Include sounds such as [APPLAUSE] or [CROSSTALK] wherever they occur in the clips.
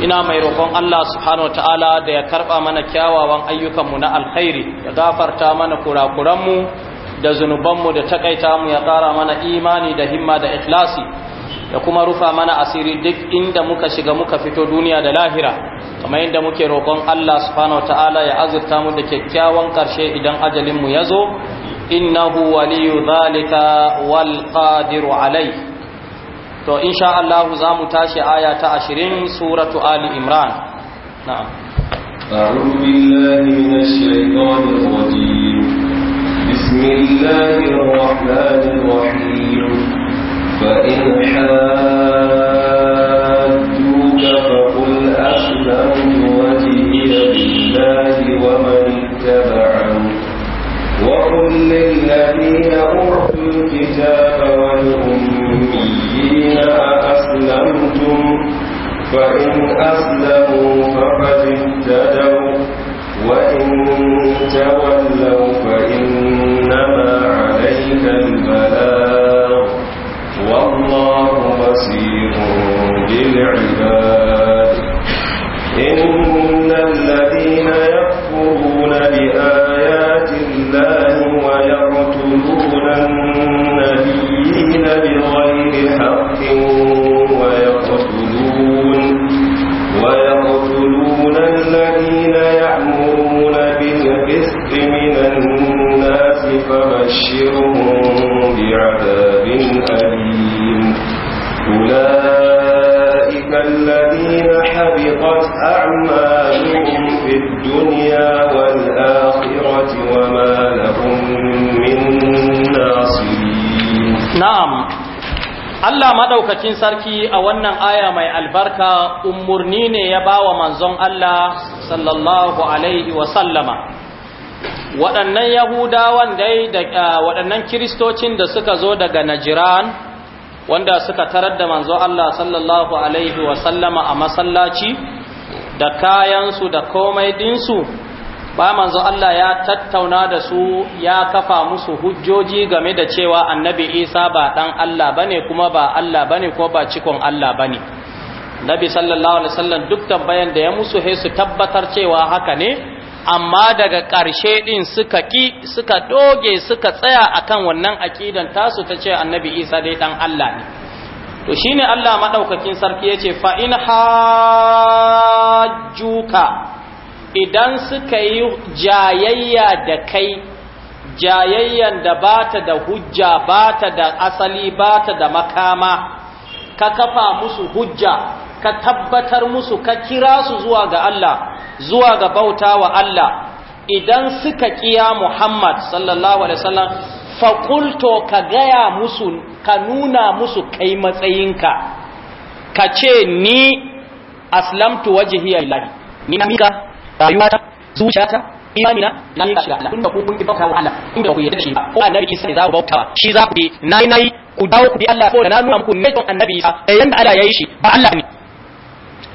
ina mai roƙon Allah subhanahu ta'ala da ya karɓa mana kyawawan ayyukanmu na alkhairi ya gafarta mana kurakuranmu da zunubanmu da takaita mu ya ƙara mana imani da himma da ikhlasi da kuma rufa mana asiri duk inda muka shiga muka fito duniya da lahira kamar inda muke roƙon Allah subhanahu ta'ala ya azurta mu da kyakkyawan ƙarshe idan ajalinmu ya zo innahu waliyu zalika wal qadiru alayhi to insha Allah za mu tashi aya ta ashirin suratu ali imran na'am a'udhu billahi minash shaitanir rajim bismillahir rahmanir rahim fa in hadduka fa qul aslamtu wajhi lillahi wa man ittaba'ani wa qul lil ladina urtu kitaba الذين أسلمتم فإن أسلموا فقد اهتدوا وإن تولوا فإنما عليك البلاغ والله بصير بالعباد وبشرهم بعذاب أليم أولئك الذين حبطت أعمالهم في الدنيا والآخرة وما لهم من ناصرين نعم Allah madaukakin sarki a wannan aya mai albarka umurni ne ya bawa manzon Allah sallallahu alaihi wa sallama waɗannan yahudawan dai da waɗannan kiristocin da suka zo daga najiran wanda suka tarar da manzo Allah sallallahu alaihi wasallama a masallaci da kayansu da komai dinsu ba manzo Allah ya tattauna da su ya kafa musu hujjoji game da cewa annabi isa ba ɗan Allah ba ne kuma ba Allah ne ko ba cikon Allah ba ne. nabi sallallahu alaihi wasallam duk tambayan da ya musu he tabbatar cewa haka ne amma daga ƙarshe ɗin suka ƙi suka doge suka tsaya a kan wannan aƙidan tasu ta ce annabi isa dai ɗan Allah ne to shi ne Allah maɗaukakin sarki ya ce fa'in hajjuka idan suka yi jayayya da kai jayayyan da ba ta da hujja ba ta da asali ba ta da makama ka kafa musu hujja ka tabbatar musu ka kira su zuwa ga Allah zuwa ga bauta wa Allah idan suka kiya Muhammad sallallahu alaihi wasallam faƙulto ka gaya musu ka nuna musu kai matsayinka ka ce ni aslamtu wajhi lillahi ni na mika rayuwata zuciyata imamina na yi shiga Allah inda ku kun bauta wa Allah inda ku yadda shi ba ko annabi Isa za ku bauta shi za ku bi nayi nayi ku dawo ku bi Allah ko da na nuna muku ne don annabi Isa da yanda Allah yayi shi ba Allah ne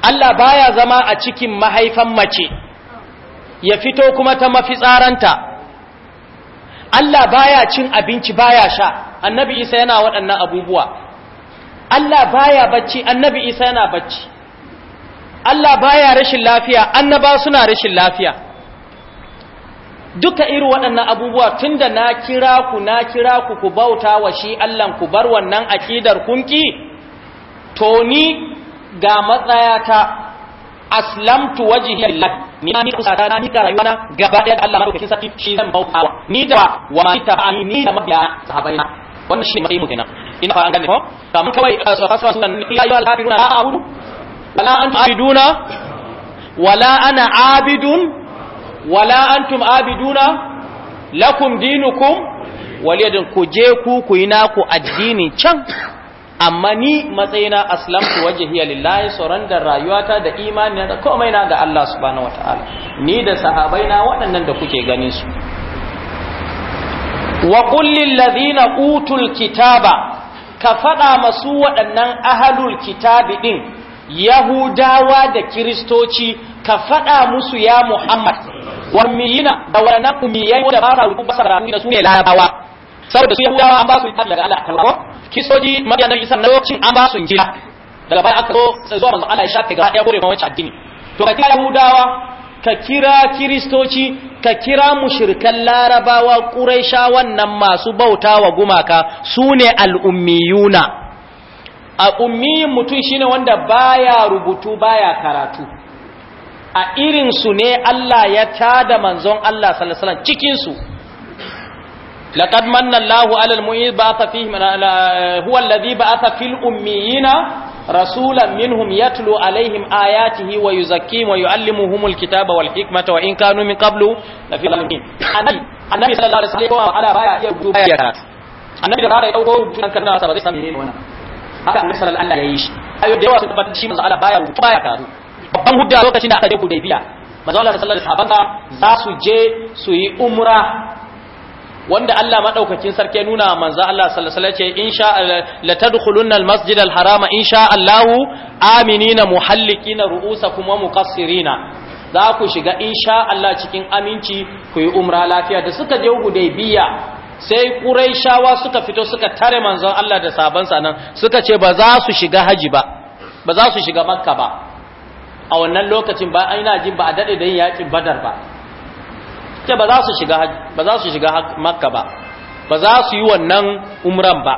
Allah baya zama a cikin mahaifan mace ya fito kuma ta mafi tsaranta. Allah baya cin abinci baya sha annabi isa yana waɗannan abubuwa Allah baya bacci annabi isa yana bacci Allah baya rashin lafiya annaba suna rashin lafiya duka irin waɗannan abubuwa tunda na kira ku na kira ku ku bauta wa shi Allah ku bar wannan akidar kunki to ni ga matsayata aslamtu wajhi lillah ni ni kusata na ni da na. gaba da Allah madaukakin sarki shi zan bautawa ni da wa ma tabi'ani ni da mabiya sahabaina wannan shi mai mutuna ina fara gane ko kamar kawai fasfa eh, sunan ni ayu al-kafiruna a a'budu wala antum abiduna wala ana abidun wala antum abiduna lakum dinukum waliyadin ku je ku ku yi naku addini can amma ni matsayina aslamtu wajhiya lillahi da rayuwata da imani da komai na ga Allah subhanahu wataala ni da sahabaina waɗannan da kuke ganin su wa qul lil ladina utul kitaba ka faɗa masu waɗannan ahalul kitabi ɗin yahudawa da kiristoci ka faɗa musu ya muhammad warmiyina da waɗannan umiyai da ba sa rubu ba sa da su ne larabawa saboda su yahudawa an ba su littafi daga Allah kalmar kisoji mabiya na isa na lokacin an ba su jira daga baya aka zo zuwa manzo Allah ya shafe gaba ɗaya gore ma wacce addini to ka kira yahudawa ka kira kiristoci ka kira mushrikan larabawa quraisha wannan masu bautawa gumaka sune al-ummiyuna a ummi mutum shine wanda baya rubutu baya karatu a irin su ne Allah ya tada manzon Allah sallallahu alaihi wasallam cikin su لقد من الله على المؤمنين بعث فيهم هو الذي بعث في الأميين رسولا منهم يتلو عليهم آياته ويزكيهم ويعلمهم الكتاب والحكمة وإن كانوا من قبل لفي الأمين النبي صلى الله عليه وسلم على بايا يبدو بايا النبي رأى يوقو بشان كنا سبب سمين haka annabi sallallahu alaihi ya yi shi ayo da yawa sun tabbatar shi manzo Allah baya rubutu baya karu babban hujja lokacin da aka je Hudaybiya manzo Allah sallallahu alaihi wasallam za su je su yi umra wanda Allah madaukakin sarki nuna manzo Allah sallallahu alaihi wasallam ce insha la tadkhulunna almasjid alharama insha Allah aminina muhallikina ru'usakum wa muqassirina za ku shiga insha Allah cikin aminci ku yi umra lafiya da suka je biya sai Quraishawa suka fito suka tare manzo Allah da sabansa nan suka ce ba za su shiga haji ba ba za su shiga Makka ba a wannan lokacin ba na jin ba a dade da yin yakin Badar ba ce ba za su shiga ba za su shiga makka ba ba za su yi wannan umran ba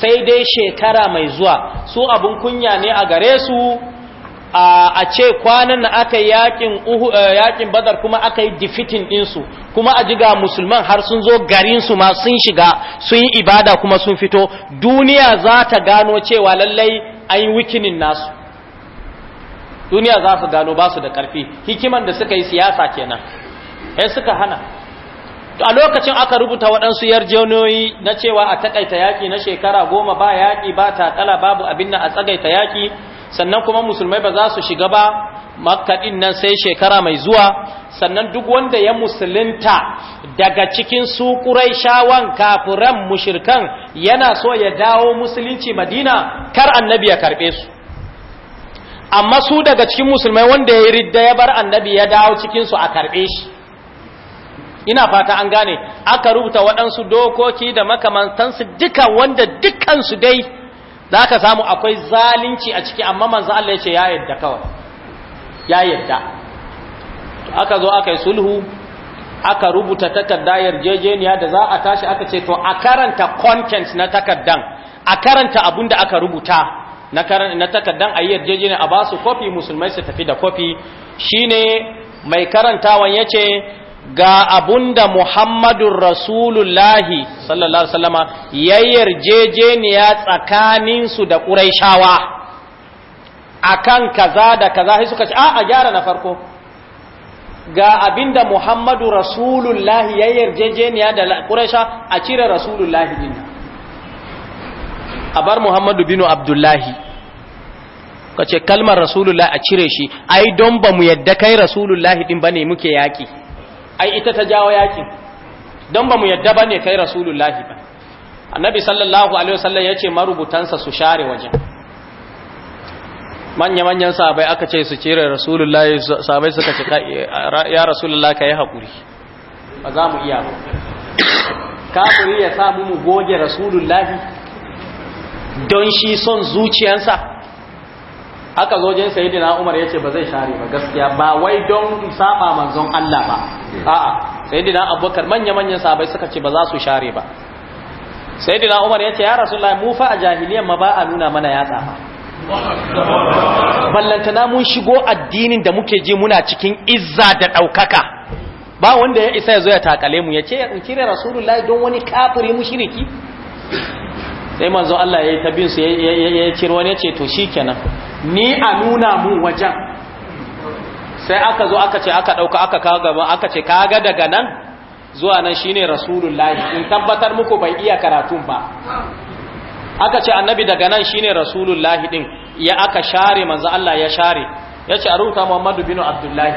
sai dai shekara mai zuwa su abun kunya ne a gare su a ce kwanan na aka yakin eh, yakin badar kuma aka yi defeating ɗinsu kuma a jiga musulman har sun zo garinsu ma sun shiga sun yi ibada kuma sun fito duniya za ta gano cewa lallai an yi wikinin nasu duniya za su gano ba su da ƙarfi hikiman da suka yi siyasa kenan sai suka hana a lokacin aka rubuta waɗansu yarjeunoyi na cewa a takaita yaƙi na shekara goma ba yaƙi ba taƙala babu abin nan a tsagaita yaƙi sannan kuma musulmai ba za su shiga ba makaɗin nan sai shekara mai zuwa sannan duk wanda ya musulunta daga cikin su shawan kafiran mushirkan yana so ya dawo musulunci madina kar annabi ya karɓe su amma su daga cikin musulmai wanda ya yi ridda ya bar annabi ya dawo cikinsu a karɓe shi ina fata an gane aka rubuta waɗansu dokoki da makamantansu duka wanda dukansu dai za ka samu akwai zalunci a ciki amma manzo Allah ya ce ya yadda kawai ya yadda aka zo aka yi sulhu aka rubuta takarda yarjejeniya da za a tashi aka ce to a karanta content na takardan a karanta abun da aka rubuta na takardan a yi yarjejeniya a ba su kofi musulmai su tafi da kofi shine mai karantawan ya ce ga abunda Muhammadun Rasulullahi sallallahu Alaihi ne ya yarjejeniya tsakaninsu da ƙuraishawa a kan kaza da kaza sai suka ce, "A, a gyara na farko, ga abinda Muhammadu Rasulullahi ya yarjejeniya da ƙuraisha a cire Rasulullahi din a bar Muhammadu binu Abdullahi. Kace ce, "Kalmar Rasulullahi a cire shi, ai, don ba mu yadda kai Rasulullahi din ba ne muke yaƙi." ai ita ta jawo yakin don ba mu yadda ba ne kai rasulullahi ba annabi sallallahu alaihi wasallam ya ce marubutansa su share wajen manya-manyan sabai aka ce su cire rasulullahi sabai suka ce ya rasulullahi ka yi haƙuri ba za mu iya ba kafiri ya samu mu goge rasulullahi don shi son zuciyansa aka zo jin sayyidina Umar ce ba zai share ba gaskiya ba wai don saba manzon Allah ba a'a sayyidina Abubakar manya manyan sahabbai suka ce ba za su share ba sayyidina Umar ya ce ya Rasulullah mu fa a jahiliyyar ma ba a nuna mana yatsa ballantana mun shigo addinin da muke ji muna cikin izza da daukaka ba wanda ya isa ya zo ya takale mu ya ce in kire rasulullahi don wani kafiri mushriki sai manzo Allah ya yi ta bin su ya ciro ne ce to shikenan ni a nuna mu wajen sai aka zo aka ce aka dauka aka kawo gaba aka ce kaga daga nan zuwa nan shine rasulullahi in tabbatar muku bai iya karatun ba aka ce annabi daga nan shine rasulullahi din ya aka share manzo Allah ya share ce a rubuta Muhammadu bin Abdullahi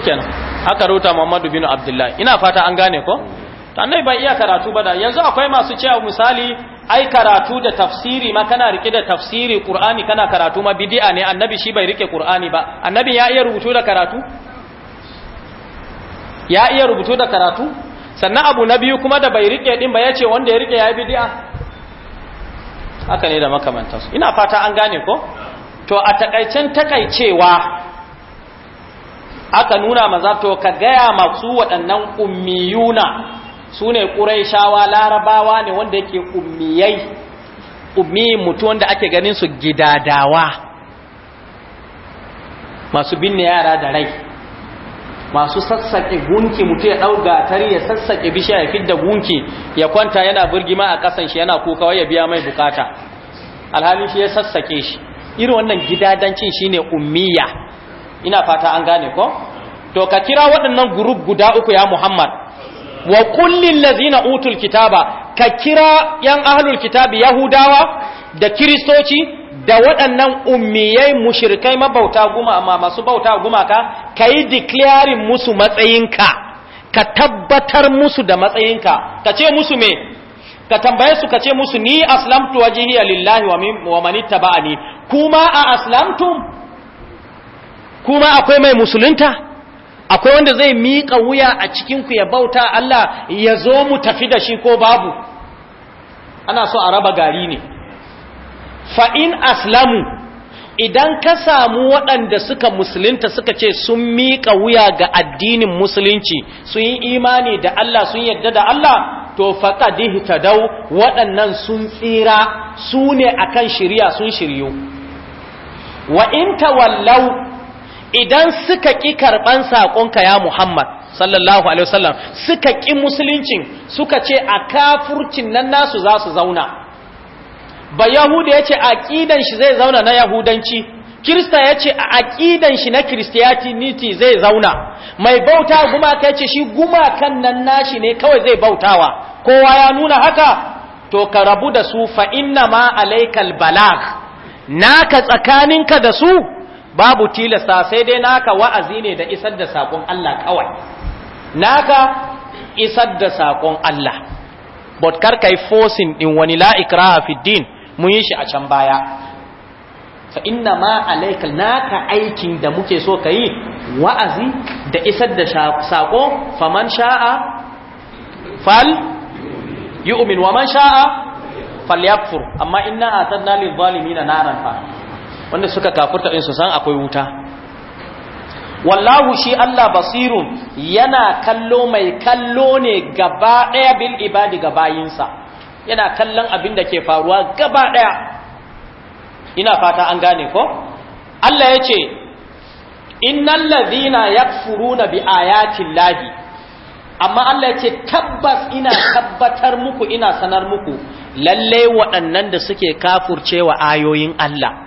kenan aka rubuta Muhammadu bin Abdullahi ina fata an gane ko annai bai iya karatu ba da yanzu akwai masu cewa misali ai karatu da tafsiri ma kana rike da tafsiri qur'ani kana karatu ma bid'a ne annabi shi bai rike qur'ani ba annabi ya iya rubutu da karatu ya iya rubutu da karatu sannan abu na biyu kuma da bai rike din ba yace wanda ya rike ya yi bid'a haka ne da su. ina fata an gane ko to a takaicen takaicewa aka nuna maza to ka gaya masu waɗannan ummiyuna su ne ƙuraishawa larabawa ne wanda yake ummiyai ummi mutu wanda ake ganin su gidadawa masu binne yara da rai masu sassaƙe gunki mutu ya ɗau gatari ya sassaƙe bishiya ya fidda gunki ya kwanta yana birgima a ƙasan shi yana kuka ya biya mai bukata alhalin shi ya sassaƙe shi irin wannan gidadancin shine ummiya ina fata an gane ko to ka kira waɗannan gurub guda uku ya muhammad wa kullin lazina utul kitaba ka kira yan ahlul kitabi yahudawa da kiristoci da waɗannan ummiyai mushrikai mabauta guma amma masu bauta gumaka ka yi declaring musu matsayinka ka tabbatar musu da matsayinka ka ce musu me ka tambaye su ka ce musu ni aslamtu wajhiya lillahi wa man ittaba'ani kuma a aslamtum kuma akwai mai musulunta akwai wanda zai miƙa wuya a cikinku ya bauta Allah ya zo mu tafi da shi ko babu ana so a raba gari ne fa'in aslamu idan ka samu waɗanda suka musulunta suka ce sun miƙa wuya ga addinin musulunci sun yi imani da Allah sun yadda da Allah to faƙadihi ta dau waɗannan sun tsira su ne a kan shirya sun shiryu wa in tawallau idan suka ƙi karɓan saƙonka ya Muhammad sallallahu Alaihi wasallam suka ƙi musuluncin suka ce a kafurcin nan nasu za su zauna ba yahuda ya ce aƙidan shi zai zauna na yahudanci kirista ya ce a aƙidan shi na kiristiyatiniti zai zauna mai bauta gumaka ya ce shi gumakan nan nashi ne kawai zai bautawa kowa ya nuna haka to ka rabu da su fa inna ma alaikal balag naka tsakaninka da su babu tilasta sai dai naka wa'azi ne da isar da sakon Allah kawai naka isar da sakon Allah but kar yi fosin ɗin wani la a fiddin mun yi shi a can baya fa inna ma alaikal naka aikin da muke so yi wa'azi da isar da sako faman sha'a fal yu'min wa man sha'a falyakfur amma inna atadna lil na naran fa wanda suka kafurta ɗinsu san akwai wuta wallahu shi Allah basiru yana kallo mai kallo ne gaba ɗaya bil ibadi ga bayinsa yana kallon abin da ke faruwa gaba ɗaya ina fata an gane ko Allah ya ce innal ladhina yakfuruna bi ayati llahi amma Allah ya ce tabbas ina tabbatar muku ina sanar muku lallai waɗannan da suke kafurcewa ayoyin Allah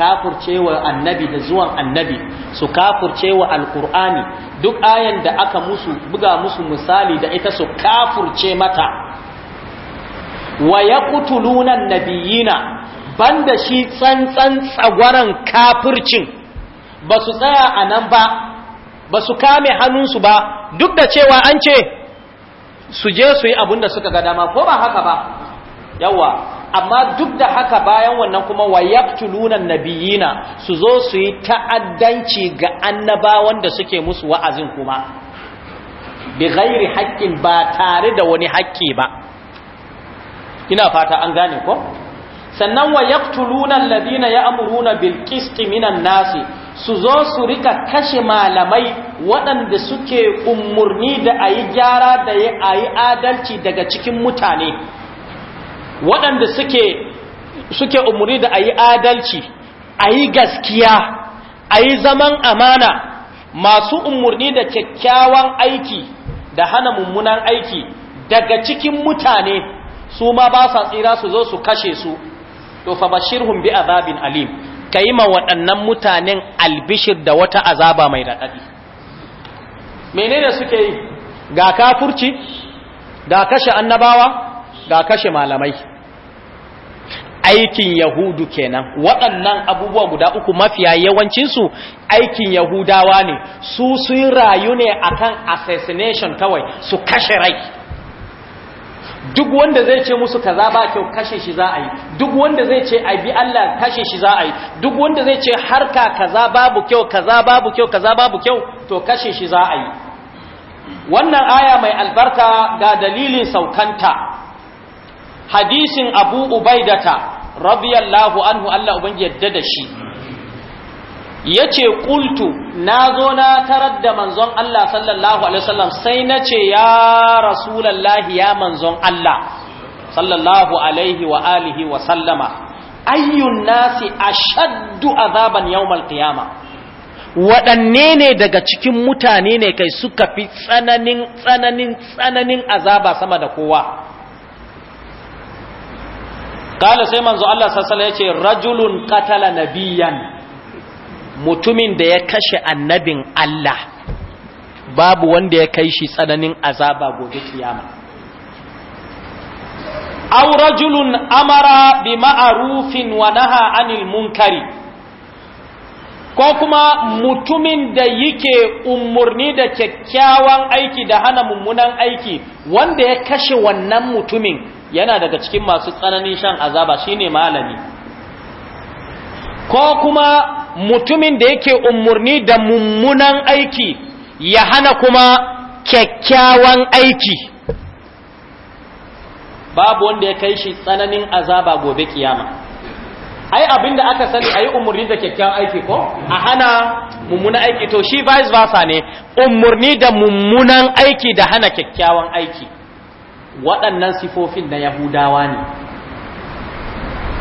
Kafurcewa annabi da zuwan annabi su kafurce wa alkur'ani duk ayan da aka musu buga musu misali da ita su kafurce mata wa ya kutulunan nabiyina banda shi tsantsan tsagwaron kafircin ba su tsaya a nan ba ba su kame hannunsu ba duk da cewa an ce su je su yi abinda suka ga dama ko ba haka ba yawa amma duk da haka bayan wannan kuma wa yaqtuluna nabiyina su zo su yi ta'addanci ga annabawan da suke musu wa'azin kuma bi ghairi haqqin ba tare da wani haƙƙi ba ina fata an gane ko sannan wa yaqtuluna alladhina ya'muruna bil qisti minan nasi su zo su rika kashe malamai waɗanda suke umurni da ayi gyara da ayi adalci daga cikin mutane waɗanda suke suke umuri da ayi adalci ayi gaskiya ayi zaman amana masu umurni da kyakkyawan aiki da hana mummunan aiki daga cikin mutane su ma ba sa tsira su zo su kashe su to fa bashirhum bi azabin alim kai ma waɗannan mutanen albishir da wata azaba mai raɗaɗi menene suke yi ga kafurci da kashe annabawa ga kashe malamai aikin yahudu kenan waɗannan abubuwa guda uku mafiya yawancinsu aikin yahudawa ne su sun rayu ne a kan assassination kawai su kashe rai duk wanda zai ce musu kaza ba kyau kashe shi za a yi duk wanda zai ce a bi Allah kashe shi za a yi duk wanda zai ce harka kaza babu kyau kaza babu kyau kaza babu kyau to kashe shi za a yi wannan aya mai albarka ga dalilin saukanta hadisin abu ubaidata radiyallahu anhu Allah ubangi yadda da shi yace qultu nazo na tarar da manzon Allah sallallahu alaihi wasallam sai nace ya rasulullahi ya manzon Allah sallallahu alaihi wa alihi wa sallama ayyun nasi ashaddu azaban yawmal qiyama waɗanne ne daga cikin mutane ne kai suka fi tsananin tsananin tsananin azaba sama da kowa kala sai manzo Allah sassala ya ce rajulun katala nabiyan mutumin da ya kashe annabin Allah babu wanda ya kai shi tsananin azaba gobe kiyama aw rajulun amara bima'rufin wa naha anil munkari ko kuma mutumin da yake umurni da kyakkyawan aiki da hana mummunan aiki wanda ya kashe wannan mutumin yana daga cikin masu tsananin shan azaba shine malami ko kuma mutumin da yake umurni da mummunan aiki ya hana kuma kyakkyawan aiki babu wanda ya kai shi tsananin azaba gobe kiyama ai abinda aka sani ayi umurni da kyakkyawan aiki ko a hana mummuna aiki to shi vice versa ne umurni da mummunan aiki da hana kyakkyawan aiki waɗannan sifofin na yahudawa ne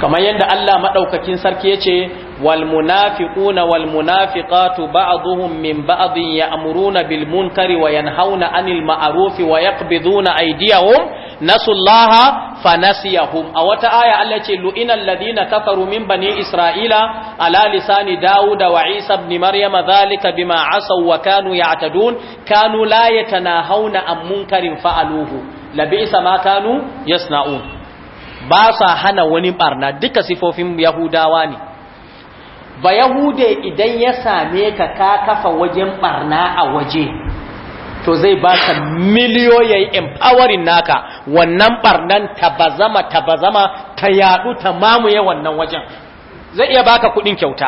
kamar yadda Allah maɗaukakin sarki yace wal munafiquna wal munafiqatu ba'dhum min ba'dhin ya'muruna bil munkari wa yanhauna 'anil ma'rufi wa yaqbiduna aydiyahum nasullaha fanasiyahum a wata aya Allah ce lu'inal ladina kafaru min bani isra'ila ala lisani dauda wa isa ibn maryam zalika bima asaw wa kanu ya'tadun kanu la yatanahawna an munkarin fa'aluhu labisa ma kanu yasna'un ba sa hana wani barna duka sifofin yahudawa ne ba yahude idan ya same ka ka kafa wajen barna a waje to zai baka miliyoyin empowering naka wannan barnan tabazama tabazama ta yadu ta mamuye wannan wajen zai iya baka kudin kyauta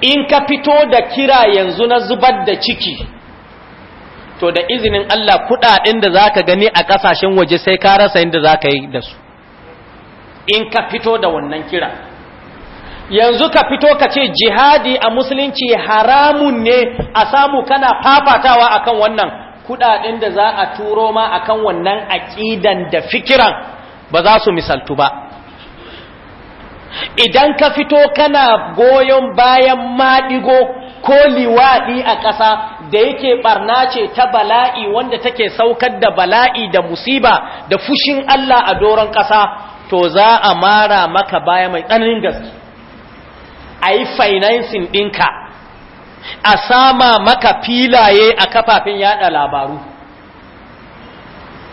in ka fito da kira yanzu na zubar da ciki to da izinin Allah kudaden da zaka gani a kasashen waje sai ka rasa inda zaka yi da su in ka fito da wannan kira yanzu ka fito ka ce jihadi a musulunci haramun ne a samu kana fafatawa akan wannan kudaden da za a turo ma akan wannan aqidan da fikiran ba za su misaltu ba idan ka fito kana goyon bayan maɗigo ko liwaɗi a ƙasa da yake ɓarna ce ta bala'i wanda take saukar da bala'i da musiba da fushin Allah a doron ƙasa to za a mara maka baya mai tsananin gaske a yi financing ɗinka a sama maka filaye a kafafen yada labaru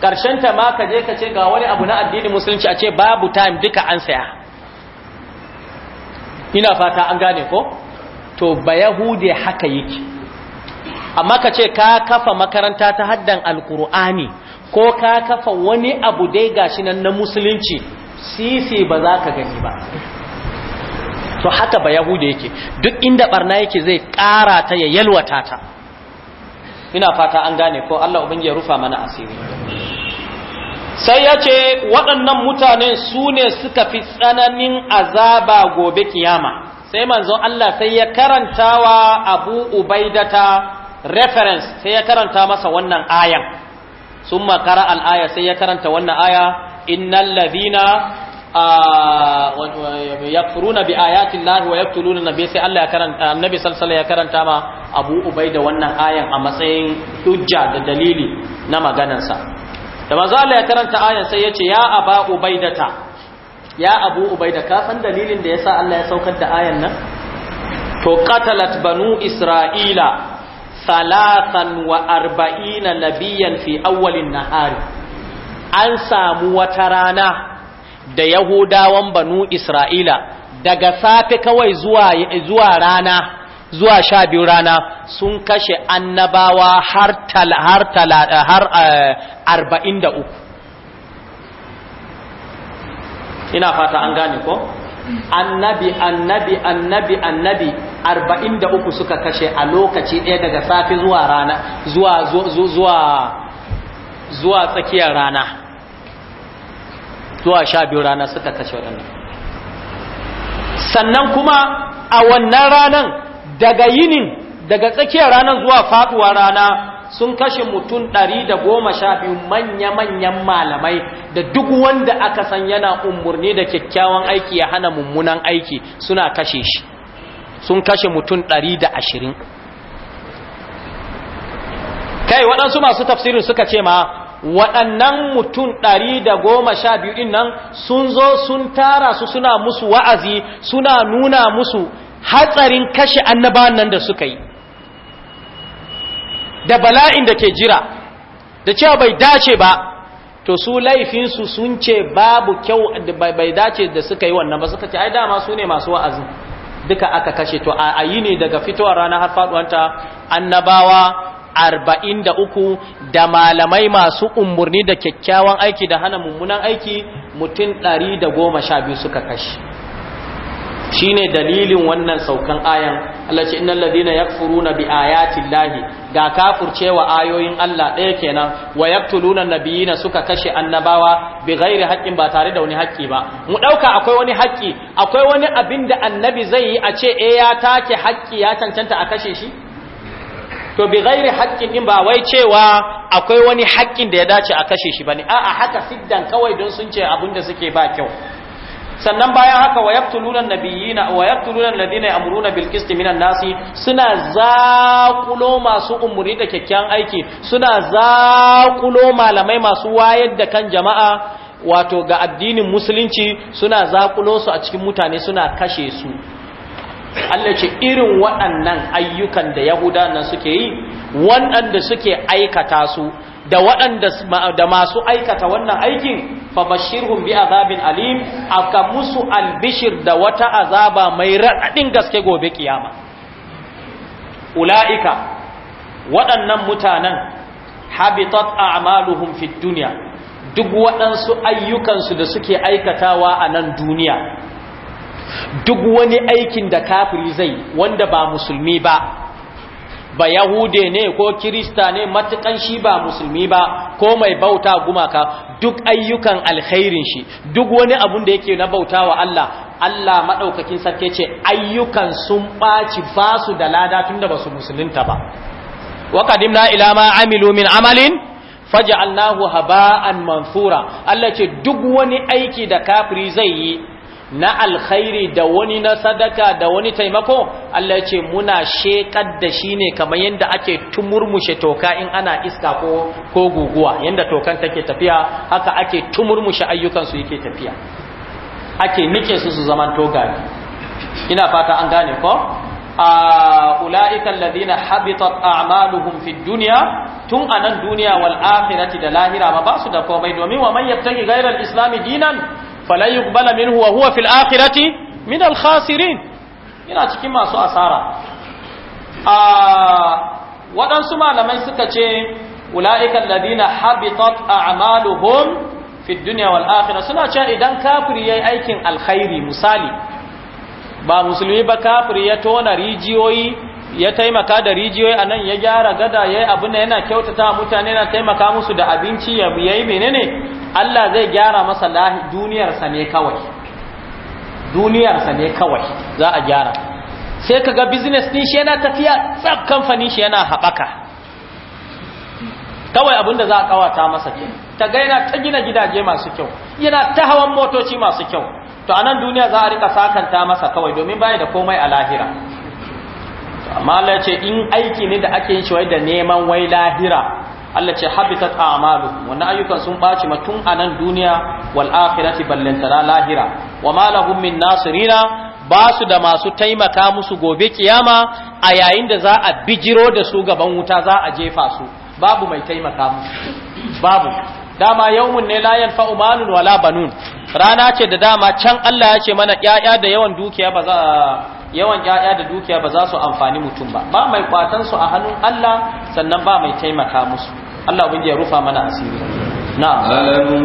ta ma ka je ka ce ga wani abu na addini musulunci a ce babu time duka an saya ina fata an gane ko to ba yahude haka yake amma ka ce ka kafa makaranta ta haddan alkur'ani ko ka kafa wani abu dai gashi nan na musulunci sisi ba za ka gani ba so haka ba yahuda yake duk inda barna yake zai ƙara ta ya yalwata ta ina fata an gane ko Allah ubangi ya rufa mana asiri sai ya ce waɗannan mutanen su ne suka fi tsananin azaba gobe kiyama sai manzo Allah sai ya karantawa abu ubaidata reference sai ya karanta masa wannan ayan Su makara aya sai ya karanta wannan aya innal ladina yakfuruna bi ayatin Allah wa yaqtuluna nabi sai Allah ya karanta annabi sallallahu ya karanta ma Abu Ubaida wannan ayan a matsayin hujja da dalili na maganarsa da manzo Allah ya karanta ayan sai yace ya ba Ubaidata ya Abu Ubaida ka san dalilin da yasa Allah ya saukar da ayan nan to qatalat banu Isra'ila salatan wa arba'ina nabiyan fi awwalin nahari an samu wata rana da yahudawan banu isra'ila daga safe kawai zuwa, zuwa rana zuwa sha biyu rana sun kashe annabawa har, tal, har, tal, har eh, arba'in da uku ina fata an gane ko annabi annabi annabi annabi arba'in da uku suka kashe a lokaci ɗaya daga safe zuwa rana zuwa zuwa zuwa tsakiyar rana zuwa sha biyu rana suka kashe waɗannan sannan kuma a wannan ranan daga yinin daga tsakiyar ranar zuwa faɗuwa rana sun kashe mutum ɗari da goma sha biyu manya-manyan malamai da duk wanda aka san yana umarni da kyakkyawan aiki ya hana mummunan aiki suna kashe shi sun kashe mutum ɗari da ashirin kai waɗansu masu tafsirin suka ce ma waɗannan mutum ɗari da goma sha biyu ɗin nan sun zo sun tara su suna musu wa'azi suna nuna musu hatsarin kashe annabawan nan da suka yi da bala'in da ke jira da cewa bai dace ba to su laifinsu sun ce babu kyau bai dace da suka yi wannan ba suka ce ai dama su ne masu wa'azi duka aka kashe to a yi ne daga fitowar ranar har faɗuwanta annabawa arba'in da uku da malamai masu umarni da kyakkyawan aiki da hana mummunan aiki mutum ɗari da goma sha biyu suka kashi shi ne dalilin wannan saukan ayan Allah ce innal ladina na bi ayati lahi ga kafurcewa ayoyin Allah ɗaya kenan wa ya na yaqtuluna na suka kashe annabawa bi gairi haƙƙin ba tare da wani haƙƙi ba mu ɗauka akwai wani haƙƙi akwai wani abin da annabi zai yi a ce eh ya take haƙƙi ya cancanta a kashe shi to bi ghairi haƙƙin din ba wai cewa akwai wani haƙƙin da ya dace a kashe shi bane a'a haka siddan kawai don sun ce abin da suke ba kyau sannan bayan haka wa yaqtuluna nabiyina wa yaqtuluna alladhina ya'muruna bil qisti minan nasi suna zaqulo masu umuri da kyakkyan aiki suna zaƙulo malamai masu wayar da kan jama'a wato ga addinin musulunci suna zaƙulo su a cikin mutane suna kashe su Allah ce irin waɗannan ayyukan da Yahuda nan suke yi waɗanda suke aikata su da waɗanda da masu aikata wannan aikin fa bashirhum bi azabin alim aka musu albishir da wata azaba mai raɗaɗin gaske gobe kiyama ula'ika waɗannan mutanen habitat a'maluhum fid Duniya duk waɗansu ayyukansu da suke aikatawa a nan duniya duk wani aikin da kafiri zai wanda ba musulmi ba ba yahude ne ko kirista ne matukan shi ba musulmi ba ko mai bauta gumaka duk ayyukan alkhairin shi duk wani abun da yake na bauta wa Allah Allah madaukakin sarki ce ayyukan sun baci su da lada tunda ba su musulunta ba wa qadimna ila ma amilu min amalin faj'alnahu haba'an mansura Allah ce duk wani aiki da kafiri zai yi na alkhairi da wani na sadaka da wani taimako Allah ya ce muna shekar da shi ne kamar yadda ake tumurmushe toka in ana iska ko, ko guguwa yadda tokan take tafiya haka ake tumurmushe ayyukansu yake tafiya ake nike su su zaman toga ina fata an gane ko ula'ika alladhina habitat a'maluhum fid duniya tun anan duniya wal akhirati da lahira ma ba su da komai domin wa man yattaqi ghayra al dinan falan yi minhu min huwa fil akhirati min al khasirin ina cikin masu asara a waɗansu malamai suka ce ula'ika ladina habitat a'maluhum fi dunya wal akhira suna cewa idan kafiri yayi aikin alkhairi misali ba musulmi ba kafiri ya tona rijiyoyi ya taimaka da rijiyoyi anan ya gyara gada yayi abin da yana kyautata mutane na taimaka musu da abinci ya mene menene Allah zai gyara masa duniyarsa ne kawai duniyarsa ne kawai za a gyara sai kaga business din shi yana tafiya tsak kamfanin shi yana haɓaka kawai abinda za a kawata masa ke ta ga yana ta gina gidaje masu kyau yana ta hawan motoci masu kyau to anan duniya za a rika sakanta masa kawai domin baya da komai a lahira amma Allah ce in aiki ne da ake yin shi wai da neman wai lahira Allah ce habitat a'malu wannan ayyukan sun baci matun a nan duniya wal akhirati ballantana lahira wa ma lahum min nasirina ba su da masu taimaka musu gobe kiyama a yayin da za a bijiro da su gaban wuta za a jefa su babu mai taimaka musu babu dama yawmun ne la yanfa'u malun wala banun rana ce da dama can Allah ya ce mana 'ya'ya da yawan dukiya ba za yawan yaya da dukiya ba za su amfani mutum ba ba mai kwatan su a hannun Allah sannan ba mai taimaka musu Allah ubangiji ya rufa mana asiri na'am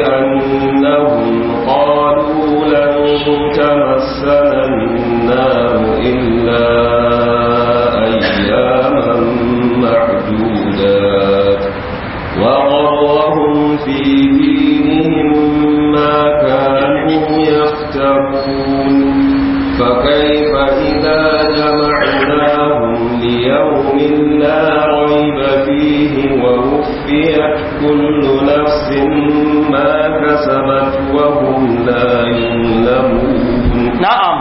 بأنهم قالوا لن تمسنا النار إلا أياما معدودات وغرهم في دينهم ما كانوا يفترون فكيف إذا جمعناهم ليوم لا ريب فيه ووفيت كل نفس ما كسبت وهم لا يظلمون نعم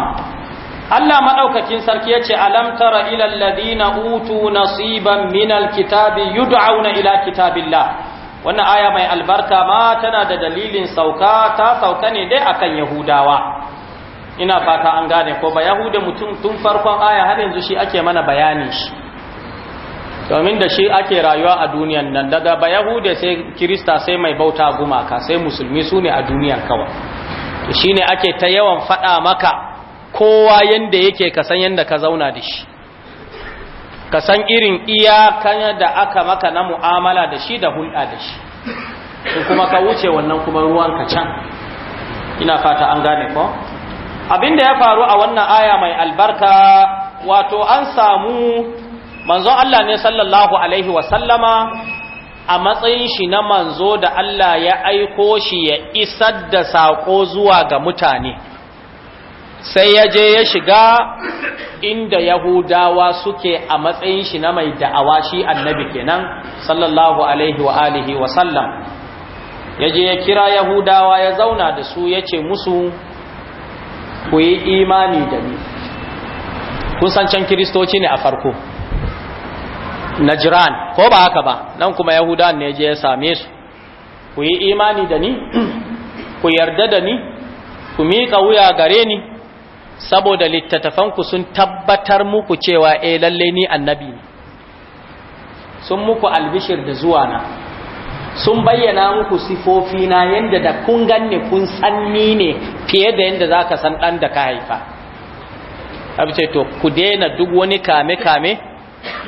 Allah madaukakin sarki yace alam tara ila Ladina utu nasiban minal kitabi yud'auna ila kitabillah wannan aya mai albarka ma tana da dalilin sauka ta sauka ne dai akan yahudawa ina fata an gane ko ba yahuda mutum tun farkon aya har yanzu shi ake mana bayanin shi domin da shi ake rayuwa a duniyan nan daga ba yahude sai kirista sai mai bauta gumaka sai musulmi su ne a duniyan kawai shi ne ake ta yawan faɗa maka kowa yanda yake kasan yadda ka zauna da shi ka san irin kanya da aka maka na mu'amala da shi da hulɗa da shi in kuma ka wuce wannan kuma ka can ina fata an gane ko abinda ya faru a wannan aya mai albarka wato an samu manzon Allah ne sallallahu alaihi wasallama a matsayin shi na manzo da Allah ya aiko shi ya isar da saƙo zuwa ga mutane sai ya je ya shiga inda yahudawa suke a matsayin shi na mai da'awa shi annabi kenan sallallahu alaihi wa alihi wa sallam ya je ya kira yahudawa ya zauna da su ya ce musu ku yi imani da ni kun san can kiristoci ne a farko najran ko ba haka ba nan kuma yahudan ne je ya same su ku yi imani da ni [CLEARS THROAT] ku yarda da ni ku miƙa wuya gare ni saboda littattafanku sun tabbatar muku cewa eh lalle ni annabi ne sun muku albishir da zuwa na sun bayyana muku sifofi na yanda da kun ganne kun tsanni ne fiye da yanda ka san ɗan da ka haifa ce to ku daina duk wani kame kame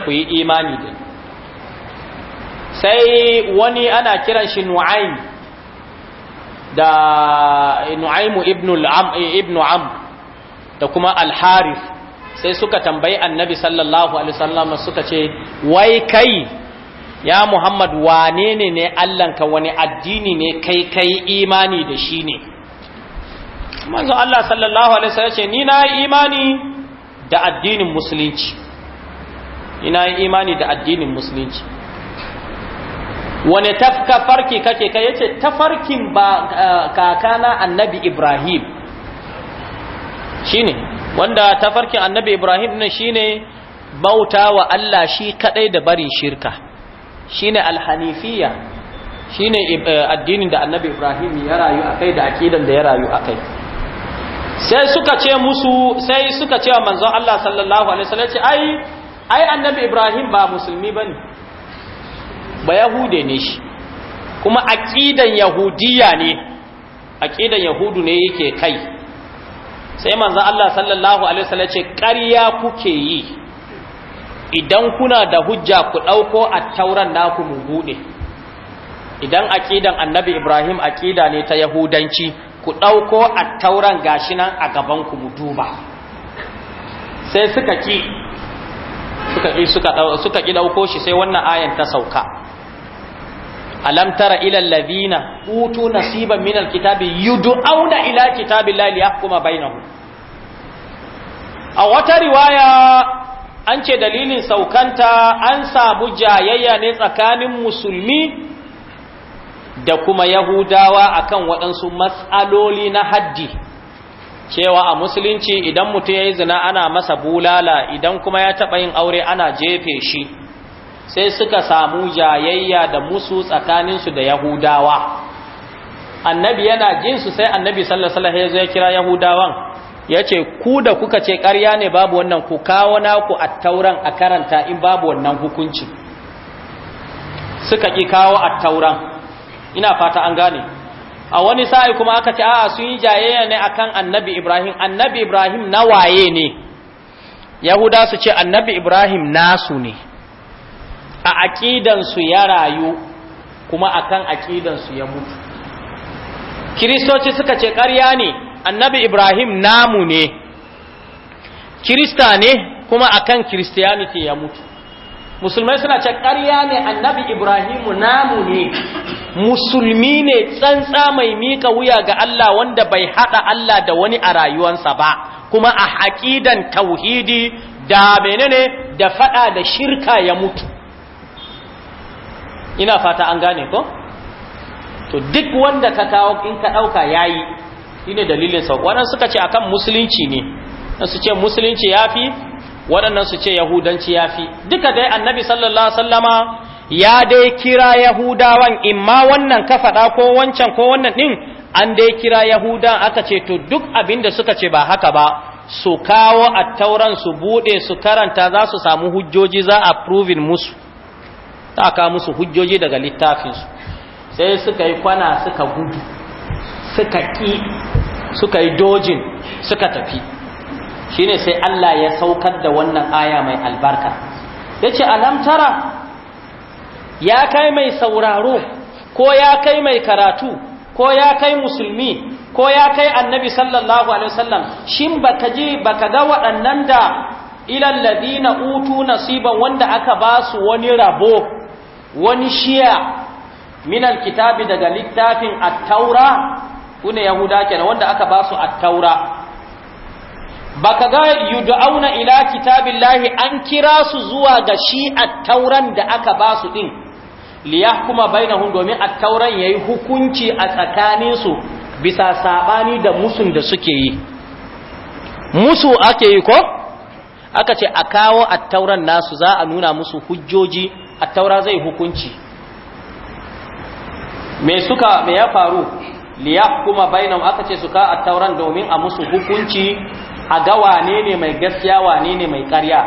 ku yi imani da sai wani ana kiran shi nu'aym da nu'aimu ibn am da kuma al-harith sai suka tambayi annabi sallallahu alaihi wasallam suka ce wai kai ya muhammad wane ne ne allanka wani addini ne kai kai imani da shi ne manzo Allah sallallahu alaihi wasallam ce ni na imani da addinin musulunci ina yi imani da addinin musulunci wane tafka farki kake ka yace tafarkin ba eh, kakana annabi ibrahim shine wanda tafarkin annabi ibrahim ne shine bauta wa Allah shi kadai da barin shirka shine alhanifiya shine eh, addinin da annabi ibrahim ya rayu akai da akidan da ya rayu akai sai suka ce musu sai suka ce manzon Allah sallallahu alaihi wasallam ai ai annabi ibrahim ba musulmi ba ba yahude ne shi kuma aƙidan yahudiya ne aƙidan yahudu ne yake kai sai manzan allah sallallahu alaihi wasallam ce ƙarya kuke yi idan kuna da hujja ku ɗauko a tauran naku mu buɗe idan aƙidan annabi ibrahim aƙida ne ta yahudanci ku ɗauko a tauran gashi nan a gabanku mu duba sai suka ki suka ƙi suka suka ƙi dauko shi sai wannan ayan ta sauka alam tara ila alladhina utu nasiban min alkitabi yud'auna ila kuma liyahkuma bainahum a wata riwaya an ce dalilin saukanta an sabu jayayya ne tsakanin musulmi da kuma yahudawa akan waɗansu matsaloli na haddi cewa a musulunci idan mutum ya yi zina ana masa bulala idan kuma ya taɓa yin aure ana jefe shi sai suka samu jayayya da musu tsakaninsu da yahudawa annabi yana jinsu sai annabi sallallahu alaihi wasallam ya kira yahudawan ya ce ku da kuka ce ƙarya ne babu wannan ku kawo naku a tauran a karanta in babu wannan hukunci suka ƙi kawo a tauran ina fata an gane a wani sa'i kuma aka ce a sun yi jayayya ne akan annabi ibrahim annabi ibrahim na waye ne yahuda su ce annabi ibrahim nasu ne a aƙidansu ya rayu kuma akan aƙidansu ya mutu kiristoci suka ce ƙarya ne annabi ibrahim namu ne kirista ne kuma akan kiristiyaniti ya mutu musulmai suna ce karya ne annabi ibrahimu namu ne musulmi ne tsantsa mai mika wuya ga Allah wanda bai haɗa Allah da wani a rayuwansa ba kuma a haƙidan tauhidi da menene da faɗa da shirka ya mutu ina fata an gane ko to duk wanda ka kawo in ka ɗauka yayi shine dalilin sa wannan suka ce akan musulunci ne su ce musulunci fi. waɗannan su ce yahudanci ya fi duka dai annabi sallallahu alaihi sallama ya dai kira yahudawan in ma wannan ka faɗa ko wancan ko wannan ɗin an dai kira yahudan aka ce to duk abin da suka ce ba haka ba su kawo tauran su buɗe su karanta za su samu hujjoji za a provin musu ta ka musu hujjoji daga littafinsu sai suka yi kwana suka gudu suka ƙi suka yi dojin suka tafi shine sai Allah ya saukar da wannan aya mai albarka yace alam tara ya kai mai sauraro ko ya kai mai karatu ko ya kai musulmi ko ya kai annabi sallallahu alaihi wasallam shin baka ji baka ga waɗannan da ilal ladina utu nasiban wanda aka ba su wani rabo wani shiya minal kitabi daga littafin at-taura kune yahuda kenan wanda aka ba su at-taura ba ka ga yud'auna ila kitabillahi an kira su zuwa ga shi at-tauran da aka ba su din liyahkuma bainahum domin at-tauran yayi hukunci a tsakaninsu bisa saɓani da musun da suke yi musu ake yi ko aka ce a kawo at-tauran nasu za a nuna musu hujjoji a taura zai hukunci me suka me ya faru liyahkuma bainahum aka ce suka at-tauran domin a musu hukunci a ga wane ne mai gaskiya wane ne mai ƙarya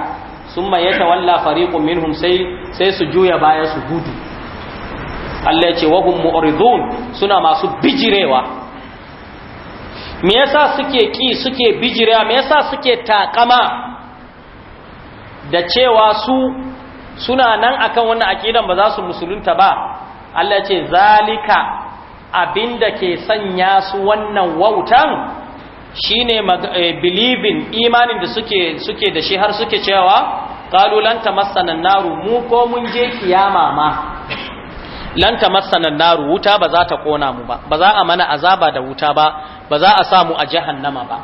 sun mai yata walla fariqun minhum sai su juya baya su gudu Allah ce wa suna masu bijirewa me yasa suke ƙi suke bijirewa me yasa suke takama da cewa su suna nan akan wannan aqidan ba za su musulunta ba Allah ce zalika abinda ke sanya su wannan wautan Shi ne eh, believing imanin da suke da shi har suke cewa kalulanta masanan naru mu ko mun je kiyama ma lanta masanan naru wuta ba za ta kona mu ba ba za a mana azaba da wuta ba ba za a samu a jahannama ba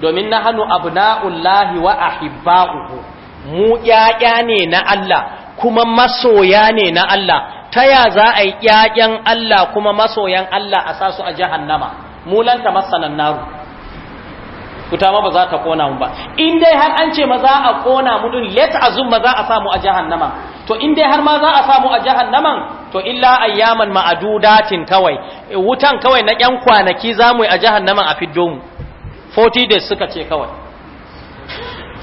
domin na hannu nahnu abna'ullahi wa ahibba'uhu mu yaya ne na Allah kuma masoya ne na Allah ta ya za a yi yayan Allah kuma masoyan Allah a sasu a jahannama mu lanta masanan naru kuta ma ba za ta kona mu ba in dai har an ce ma za a kona mu din let azum ma za a samu a jahannama to in dai har ma za a samu a naman to illa ayyaman ma'adudatin kawai wutan kawai na yan kwanaki za mu yi a jahannaman a fiddo mu 40 days suka ce kawai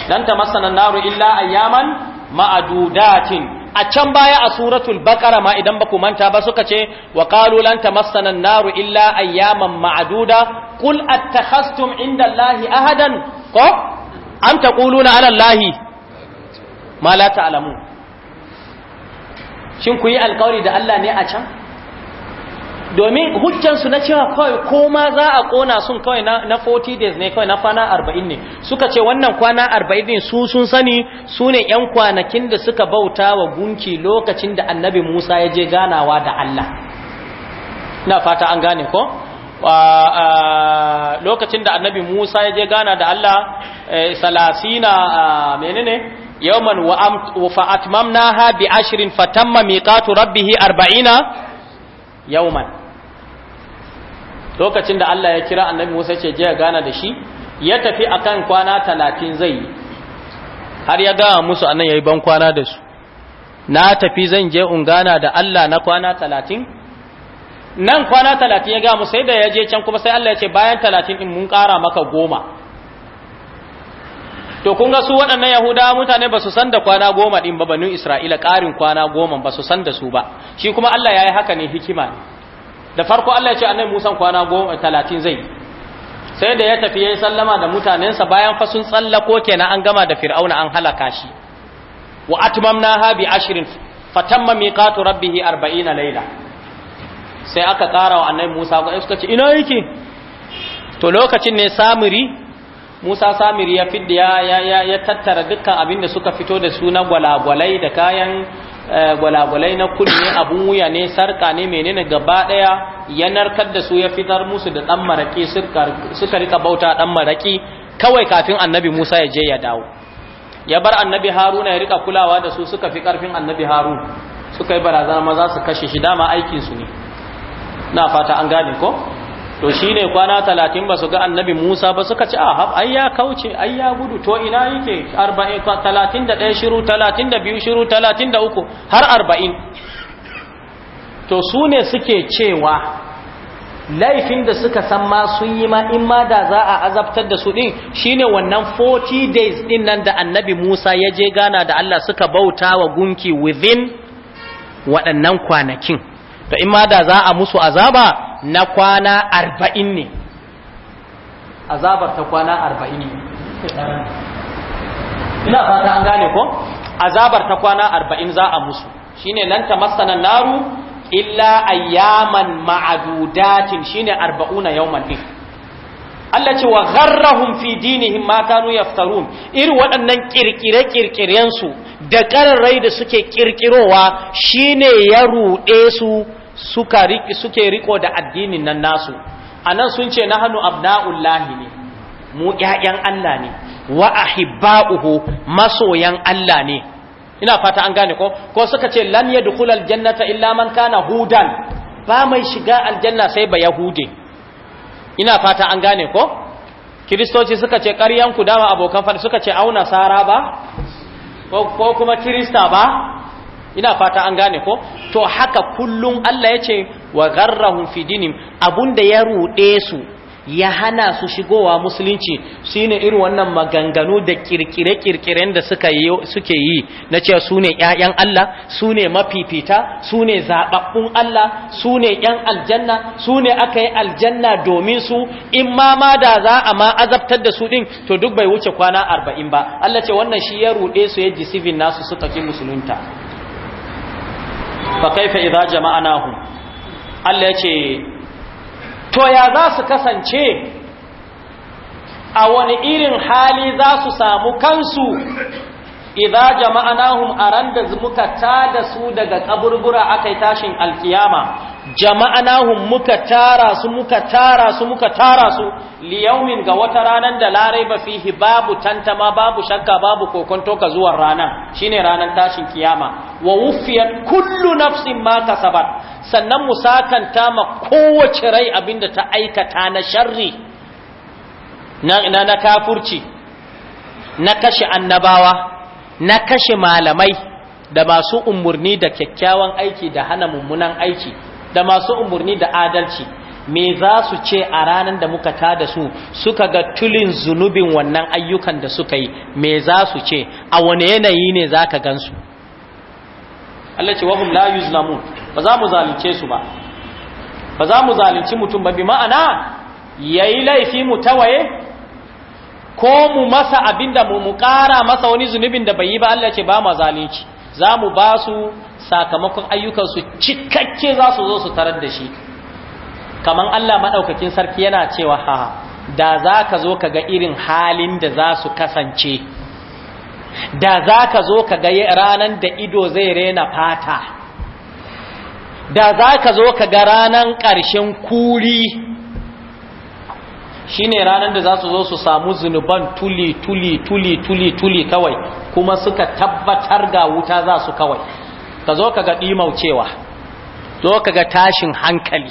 dan ta masana naru illa ayyaman ma'adudatin a can baya a suratul baqara ma idan baku manta ba suka ce wa qalu lan tamassana an-naru illa ayyaman ma'duda qul attakhastum inda allahi ahadan ko am taquluna ala allahi ma la ta'lamun shin ku yi alƙawari da Allah ne a can domin hujjansu na cewa kawai ko ma za a kona sun kawai na 40 days ne kawai na kwana 40 ne suka ce wannan kwana 40 din su sun sani su ne 'yan kwanakin da suka bauta wa gunki lokacin da annabi musa ya je ganawa da allah na fata an gane ko lokacin da annabi musa ya je gana da allah eh, salasina menene yawman wa fa'atmamnaha bi ashirin fatamma miqatu rabbih arba'ina yawman lokacin da Allah ya kira annabi Musa ce je ya gana da shi ya tafi akan kwana talatin zai yi har ya gawa musu annan ya yi ban kwana da su na tafi zan je in gana da Allah na kwana talatin nan kwana talatin ya gawa musu sai da ya je can kuma sai Allah ya ce bayan talatin in mun ƙara maka goma to kun ga su waɗannan yahudawa mutane ba su san da kwana goma ɗin ba banu isra'ila ƙarin kwana goma ba su san da su ba shi kuma Allah ya yi haka ne hikima ne da farko Allah ya ce annabi Musa kwana 30 zai sai da ya tafi yayin sallama da mutanensa bayan fa sun tsallako kenan an gama da fir'auna an halaka shi wa ha bi ashrin fatamma miqatu rabbih 40 layla sai aka kara wa annabi Musa ga suka ce ina yake to lokacin ne samiri Musa samiri ya fidda ya ya, ya, tattara dukkan abin da suka fito da su na gwalagwalai da kayan Eh, gwalagwalai na kul abun wuya ne sarka ne menene gaba daya ya narkar da su ya fitar musu da dan maraki suka rika bauta dan maraki kawai kafin annabi Musa ya je ya dawo ya bar annabi Haruna ya rika kulawa da su suka fi karfin annabi Harun suka yi barazana maza su kashe shi dama aikin su ne na fata an gane ko to shi ne kwana talatin ba su ga annabi Musa ba suka ci a ah, ai ya kauce ai ya gudu to ina yake talatin da ɗaya shiru talatin da biyu shiru talatin da uku har arba'in to su ne suke cewa laifin da suka san ma sun yi ma in ma da za a azabtar da su ɗin ne wannan 40 days ɗin nan da annabi Musa ya je gana da Allah suka bauta wa gunki within waɗannan kwanakin to in ma da za a musu azaba na kwana arba'in ne azabar ta kwana arba'in ne ina fata an gane ko azabar ta kwana arba'in za a musu shine nan ta masanan naru illa ayyaman ma'adudatin shine arba'una yawman din Allah ce wa gharrahum fi dinihim ma kanu yaftarun irin waɗannan kirkire kirkiren su da kararrai da suke kirkirowa shine ya ruɗe su suka riki suke riko da addinin nan nasu anan sun ce nahnu abna'ullahi ne mu ƴaƴan Allah ne wa ahibba'uhu masoyan Allah ne ina fata an gane ko ko suka ce lan yadkhul aljannata illa man kana hudan ba mai shiga aljanna sai ba yahude ina fata an gane ko kiristoci suka ce ƙaryan ku dama abokan fadi suka ce auna sara ba ko kuma kirista ba ina fata an gane ko to haka kullum Allah ya ce wa gharrahum fi dinim abunda ya ruɗe su ya hana su shigowa musulunci shine irin wannan maganganu da kirkire-kirkiren da suka yi suke yi na cewa su ne ƴaƴan Allah su ne mafifita su ne zababbun Allah su ne ƴan aljanna su ne aka yi aljanna domin su in ma ma da za a ma azabtar da su din to duk bai wuce kwana 40 ba Allah ce wannan shi ya rude su ya disivin nasu suka ki musulunta fa kaifa idza jama'anahum Allah ce to ya za su kasance a wani irin hali za su samu kansu idza jama'anahum aranda muka tada su daga kaburbura akayi tashin alkiyama jama'anahum muka tara su muka tara su muka tara su liyaumin ga wata ranar da larai ba fihi babu tantama babu shakka babu kokonto ka zuwan ranan shine ranar tashin kiyama wa wufiyat kullu nafsin ma kasabat sannan musakanta ma kowace rai abinda ta aikata na sharri na na, kafurci na kashe annabawa na kashe malamai da masu umurni da kyakkyawan aiki da hana mummunan aiki da masu umarni da adalci me za su ce a ranar da muka tada su suka ga tulin zunubin wannan ayyukan da suka yi me za su ce a wane yanayi ne za ka gansu Allah ce wahum la ba za mu zalunce su ba ba za mu zalince mutum ba bi ma'ana yayi laifi mu tawaye ko mu masa abinda mu mu kara masa wani zunubin da bai yi ba Allah ce ba mu zalince za mu ba su sakamakon ayyukansu cikakke za su zo su tarar da shi kamar Allah maɗaukakin sarki yana cewa ha da za ka zo ka ga irin halin da za su kasance da za ka zo ka ga ranar da ido zai rena fata da za ka zo ka ga ranar ƙarshen kuri shine ranar da za su zo su samu zunuban tuli tuli tuli tuli tuli kawai kuma suka tabbatar ga wuta za su kawai ka zo ka ga ɗimaucewa zo ka ga tashin hankali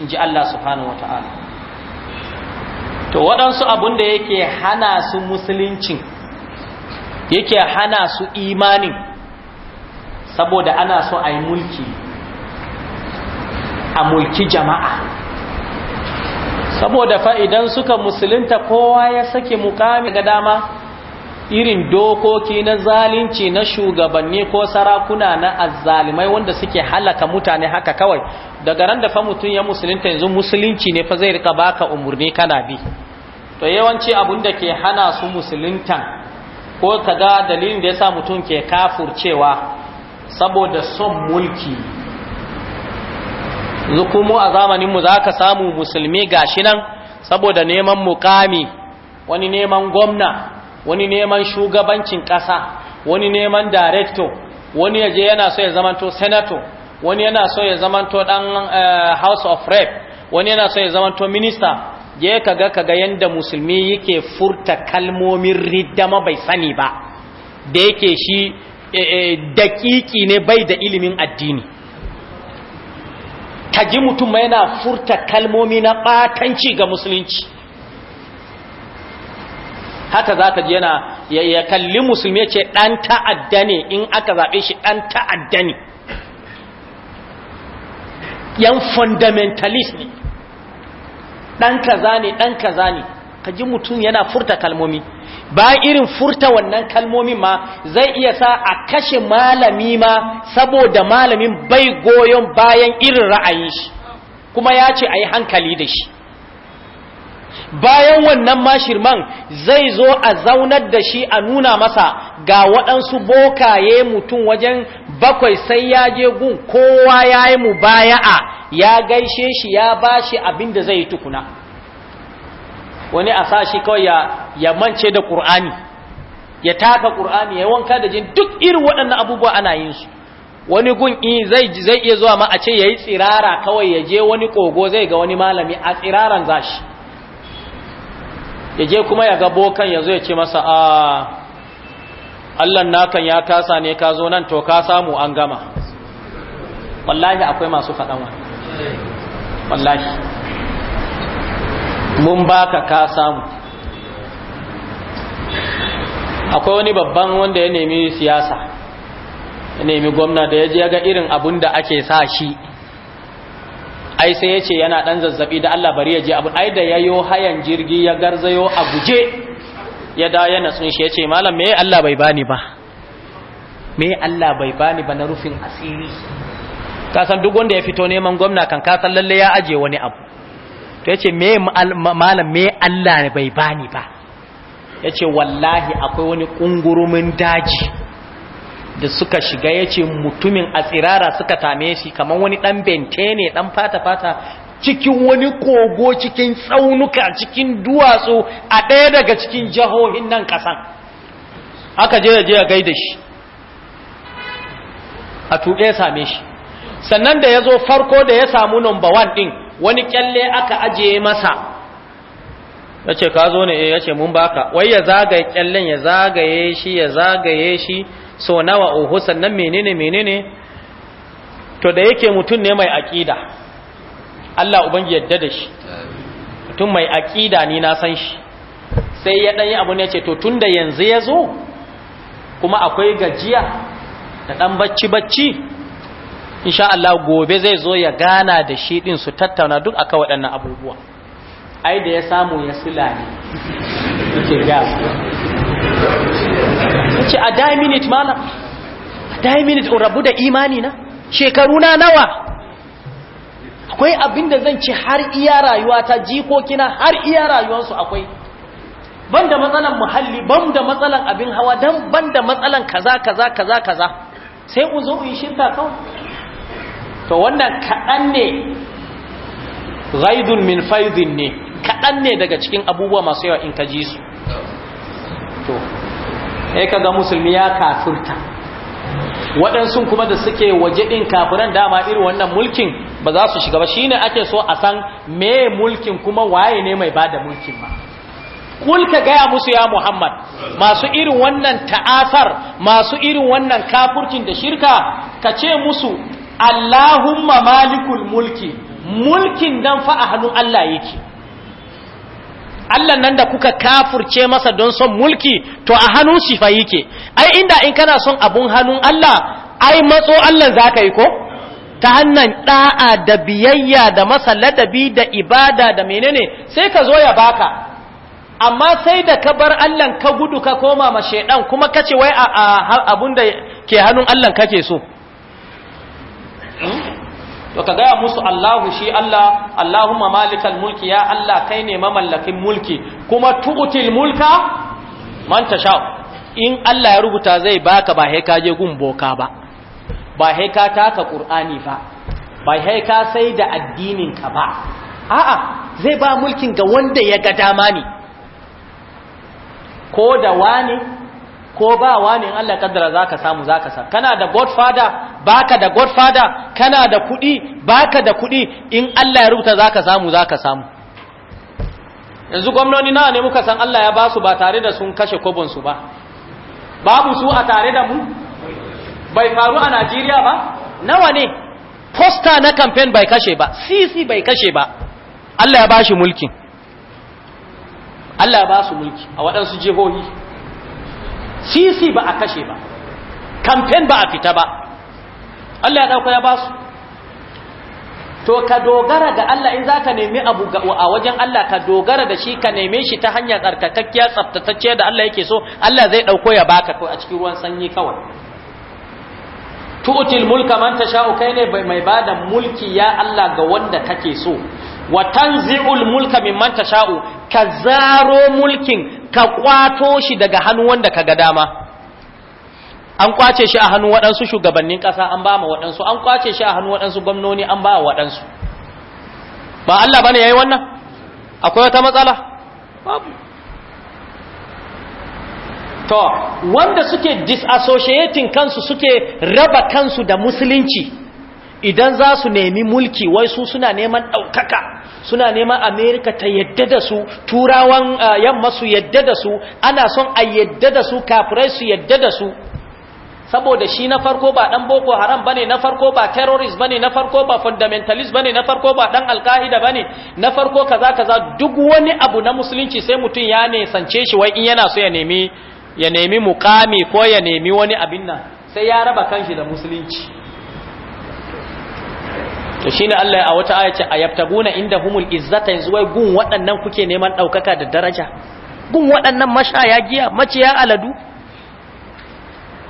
in ji Allah subhanahu wa ta'ala to waɗansu abun da yake hana su musuluncin yake hana su imanin saboda ana so a yi mulki a mulki jama'a saboda fa idan suka musulunta kowa ya sake mukami ga dama irin dokoki na zalunci na shugabanni ko sarakuna na azzalimai wanda suke halaka mutane haka kawai daga ran da fa mutum ya musulunta yanzu musulunci ne fa zai rika baka umurni kana bi to yawanci abun da ke hana su musulunta ko kaga dalilin da yasa mutum ke kafurcewa saboda son mulki zukumu a zamaninmu za ka samu musulmi gashi nan saboda neman mukami wani neman gwamna wani neman shugabancin ƙasa wani neman director wani yaje yana so ya zamanto senator wani yana so ya zamanto dan eh, house of rep wani yana so ya zamanto minista, je kaga kaga yanda musulmi yake furta kalmomin riddama bai sani ba da yake shi eh, eh, daƙiƙi dakiki ne bai da ilimin addini ka ji mutum yana furta kalmomi na ɓatanci ga musulunci haka za ka ji yana ya kalli musulmi ce ɗan ta'adda ne in aka zaɓe shi ɗan ta'adda ne yan fundamentalist ne ɗan kaza ne ɗan ka ne ka ji mutum yana furta kalmomi ba irin furta wannan kalmomin ma zai iya sa a kashe malami ma saboda malamin bai goyon bayan irin ra'ayin shi kuma ya ce a yi hankali da shi bayan wannan mashirman zai zo a zaunar da shi a nuna masa ga waɗansu bokaye mutum wajen bakwai sai ya je gun kowa ya yi mu baya'a ya gaishe shi ya ba shi abin da zai tukuna wani a sa shi kawai ya ya mance da ƙur'ani ya taka ƙur'ani ya wanka da jin duk irin waɗannan abubuwa ana yin su wani gun zai zai iya zuwa ma a ce yayi tsirara kawai ya je wani kogo zai ga wani malami a tsiraran zashi ya je kuma ya ga bokan ya zo ya ce masa a Allah nakan ya kasa ne ka zo nan to ka samu an gama wallahi akwai masu faɗan wa wallahi mun baka ka samu akwai wani babban wanda ya nemi siyasa ya nemi gwamna da ya je ga irin abun da ake sa shi ai sai ya ce yana ɗan zazzabi da Allah bari ya je abu ai da yo hayan jirgi ya garzayo a guje ya da ya sun shi ya ce malam me Allah bai bani ba me Allah bai bani ba na rufin asiri ka san duk wanda ya fito neman gwamna kan ka san lalle ya aje wani abu to ya ce me malam me Allah bai bani ba ya ce wallahi akwai wani ƙungurumin daji da suka shiga ya ce mutumin a tsirara suka tame shi kamar wani ɗan bente ne ɗan fata-fata cikin wani kogo cikin tsaunuka cikin duwatsu a ɗaya daga cikin jihohin nan ƙasan aka je je gaida shi a tuɗe same shi sannan da ya zo farko da ya samu number one ɗin wani ƙyalle aka ajiye masa Yace ce ka zo ne eh, ya ce mun baka wai ya zagaye kyallen ya zagaye shi ya zagaye shi so nawa uhu sannan menene menene to da yake mutum ne mai aƙida Allah ubangi yadda da shi mutum mai aƙida ni na san shi sai ya yi abu ne ce to tun da yanzu ya zo kuma akwai gajiya da ɗan bacci-bacci insha Allah gobe zai zo ya gana da shi ɗin su tattauna duk aka waɗannan abubuwa ai da ya samu ya sila ne yake gas ce a die minute malam a die minute in rabu da imani na shekaru na nawa akwai abinda zan ci har iya rayuwa ta jikokina har iya rayuwarsu akwai ban da matsalan muhalli ban da matsalan abin hawa don ban da matsalan kaza kaza kaza kaza sai ku zo yi shirka kawai to wannan kaɗan ne Zaidun min faidin ne kaɗan ne daga cikin abubuwa masu yawa in ka ji su to sai ka ga musulmi ya kafirta waɗansu kuma da suke waje ɗin kafiran dama irin wannan mulkin ba za su shiga ba shine ake so a san me mulkin kuma waye ne mai bada mulkin ma kulka gaya musu ya muhammad masu irin wannan ta'asar masu irin wannan kafurcin da shirka ka ce musu allahumma malikul mulki mulkin dan fa a hannun allah yake Allah nan da kuka kafurce masa don son mulki to a hannun shi fa yake ai inda in kana son abun hannun Allah ai matso Allah zaka yi ko ta hannan da'a da biyayya da masa ladabi da ibada da menene sai ka zo ya baka amma sai da ka bar Allah ka gudu ka koma ma shedan kuma kace wai a abun da ke hannun Allah kake so to ka gaya musu Allahu shi Allah Allahumma malikal mulki ya Allah kai ne mamallakin mulki kuma tu'til mulka man tasha in Allah ya rubuta zai baka ba sai ka je gun boka ba ba sai ka taka Qur'ani ba ba sai ka sai da addinin ka ba a'a zai ba mulkin ga wanda ya ga dama ne ko da wani ko ba wani in Allah kaddara ka samu za ka samu kana da godfather ka da godfather kana da kudi ka da kudi in Allah ya rubuta za ka samu za ka samu yanzu gwamnoni nawa ne muka san Allah ya ba su ba tare da sun kashe kobonsu ba babu su a tare da mu bai faru a Najeriya ba nawa ne posta na campaign bai kashe ba cc bai kashe ba Allah ya ba shi mulki Allah ya ba su mulki a waɗansu jihohi sisi ba a kashe ba kamfen ba a fita ba Allah ya ɗauka ya ba su to ka dogara ga Allah in za ka nemi abu a wajen Allah ka dogara da shi ka neme shi ta hanyar tsarkakakkiya tsaftatacciya da Allah yake so Allah zai ɗauko ya baka ko a cikin ruwan sanyi kawai tu'til mulka man tasha'u kai ne mai bada mulki ya Allah ga wanda kake so wa tanzi'ul mulka mimman tasha'u ka zaro mulkin ka kwato shi daga hannu wanda ka ga dama an kwace shi a hannu waɗansu shugabannin ƙasa an ba ma waɗansu an kwace shi a hannu waɗansu gwamnoni an ba wa waɗansu ba Allah ya yi wannan akwai wata matsala babu to wanda suke disassociating kansu suke raba kansu da musulunci idan za su nemi mulki wai su suna neman ɗaukaka suna nema amerika ta yadda da su turawan ah, yamma su yadda da su ana son a yadda da su kafirai su yadda da su saboda shi na farko ba dan boko haram bane na farko ba terrorist bane na farko ba fundamentalist bane na farko ba dan alkaida bane na farko kaza kaza duk wani abu na musulunci sai mutun ya ne sance shi wai in yana so ya nemi ya nemi mukami ko ya nemi wani abin nan sai ya raba kanshi da musulunci to shine Allah a wata aya ce ayabtaguna humul izzata yanzu wai gun waɗannan kuke neman ɗaukaka da daraja gun waɗannan mashaya giya maciya aladu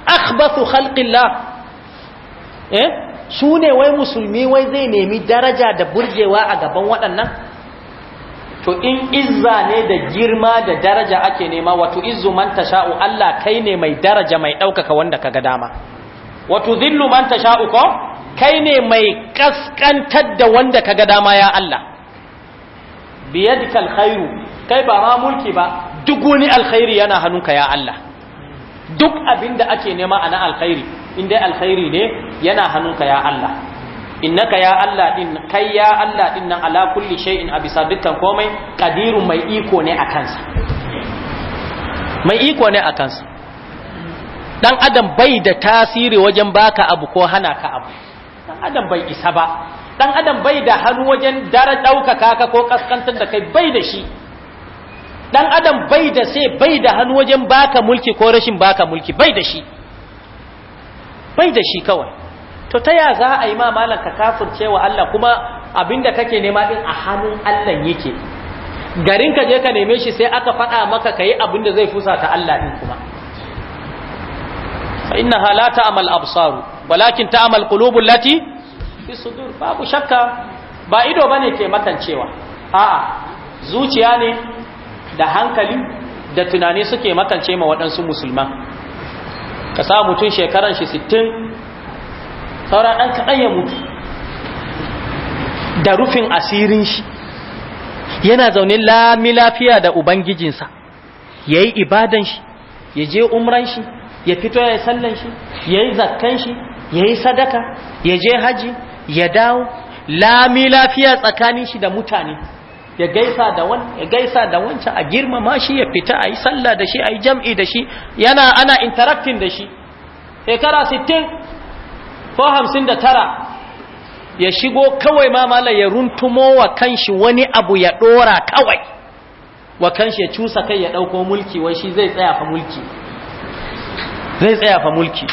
akhbathu khalqillah eh su ne wai musulmi wai zai nemi daraja da burgewa a gaban waɗannan to in izza ne da girma da daraja ake nema wato izzu man tasha'u Allah kai ne mai daraja mai ɗaukaka wanda kaga dama wato zillu man tasha'u ko kai ne mai kaskantar da wanda ka ga dama ya Allah biyadika alkhairu kai ba ma mulki ba duk wani alkhairi yana hannunka ya Allah duk abinda ake nema ana alkhairi in dai alkhairi ne yana hannunka ya Allah innaka ya Allah din kai ya Allah din nan ala kulli shay'in a bisa dukkan komai qadirun mai iko ne a kansa mai iko ne a kansa dan adam bai da tasiri wajen baka abu ko hana ka abu dan adam bai isa ba dan adam bai da hannu wajen dara ɗaukaka ka ko kaskantar da kai bai da shi dan adam bai da sai bai da hannu wajen baka mulki ko rashin baka mulki bai da shi bai da shi kawai to ta ya za a yi ma malam ka kafirce wa Allah kuma abinda kake nema din a hannun Allah yake garin ka je ka neme shi sai aka faɗa maka kayi abinda zai fusa ta Allah din kuma fa innaha la ta'mal absaru walakin ta'amal qulubul lati fi sudur babu shakka ba ido bane ke makancewa a'a zuciya ne da hankali da tunani suke makance ma waɗansu musulman ka sa mutum shekaran shi 60 saura ɗan kaɗan ya mutu da rufin asirin shi yana zaune lami lafiya da ubangijinsa ya yi ibadan shi ya je umran shi ya fito ya yi sallan shi ya yi zakkan shi ya yi sadaka ya je haji ya dawo lami lafiya tsakanin shi da mutane ya gaisa da wani ya gaisa da wancan a girmama shi ya fita a yi sallah da shi a yi jam'i da shi yana ana interacting da shi shekara sittin ko 59 ya shigo kawai mamala ya runtumo wa kanshi wani abu ya dora kawai wa kanshi ya cusa kai ya dauko mulki wai shi zai tsaya mulki zai tsaya fa mulki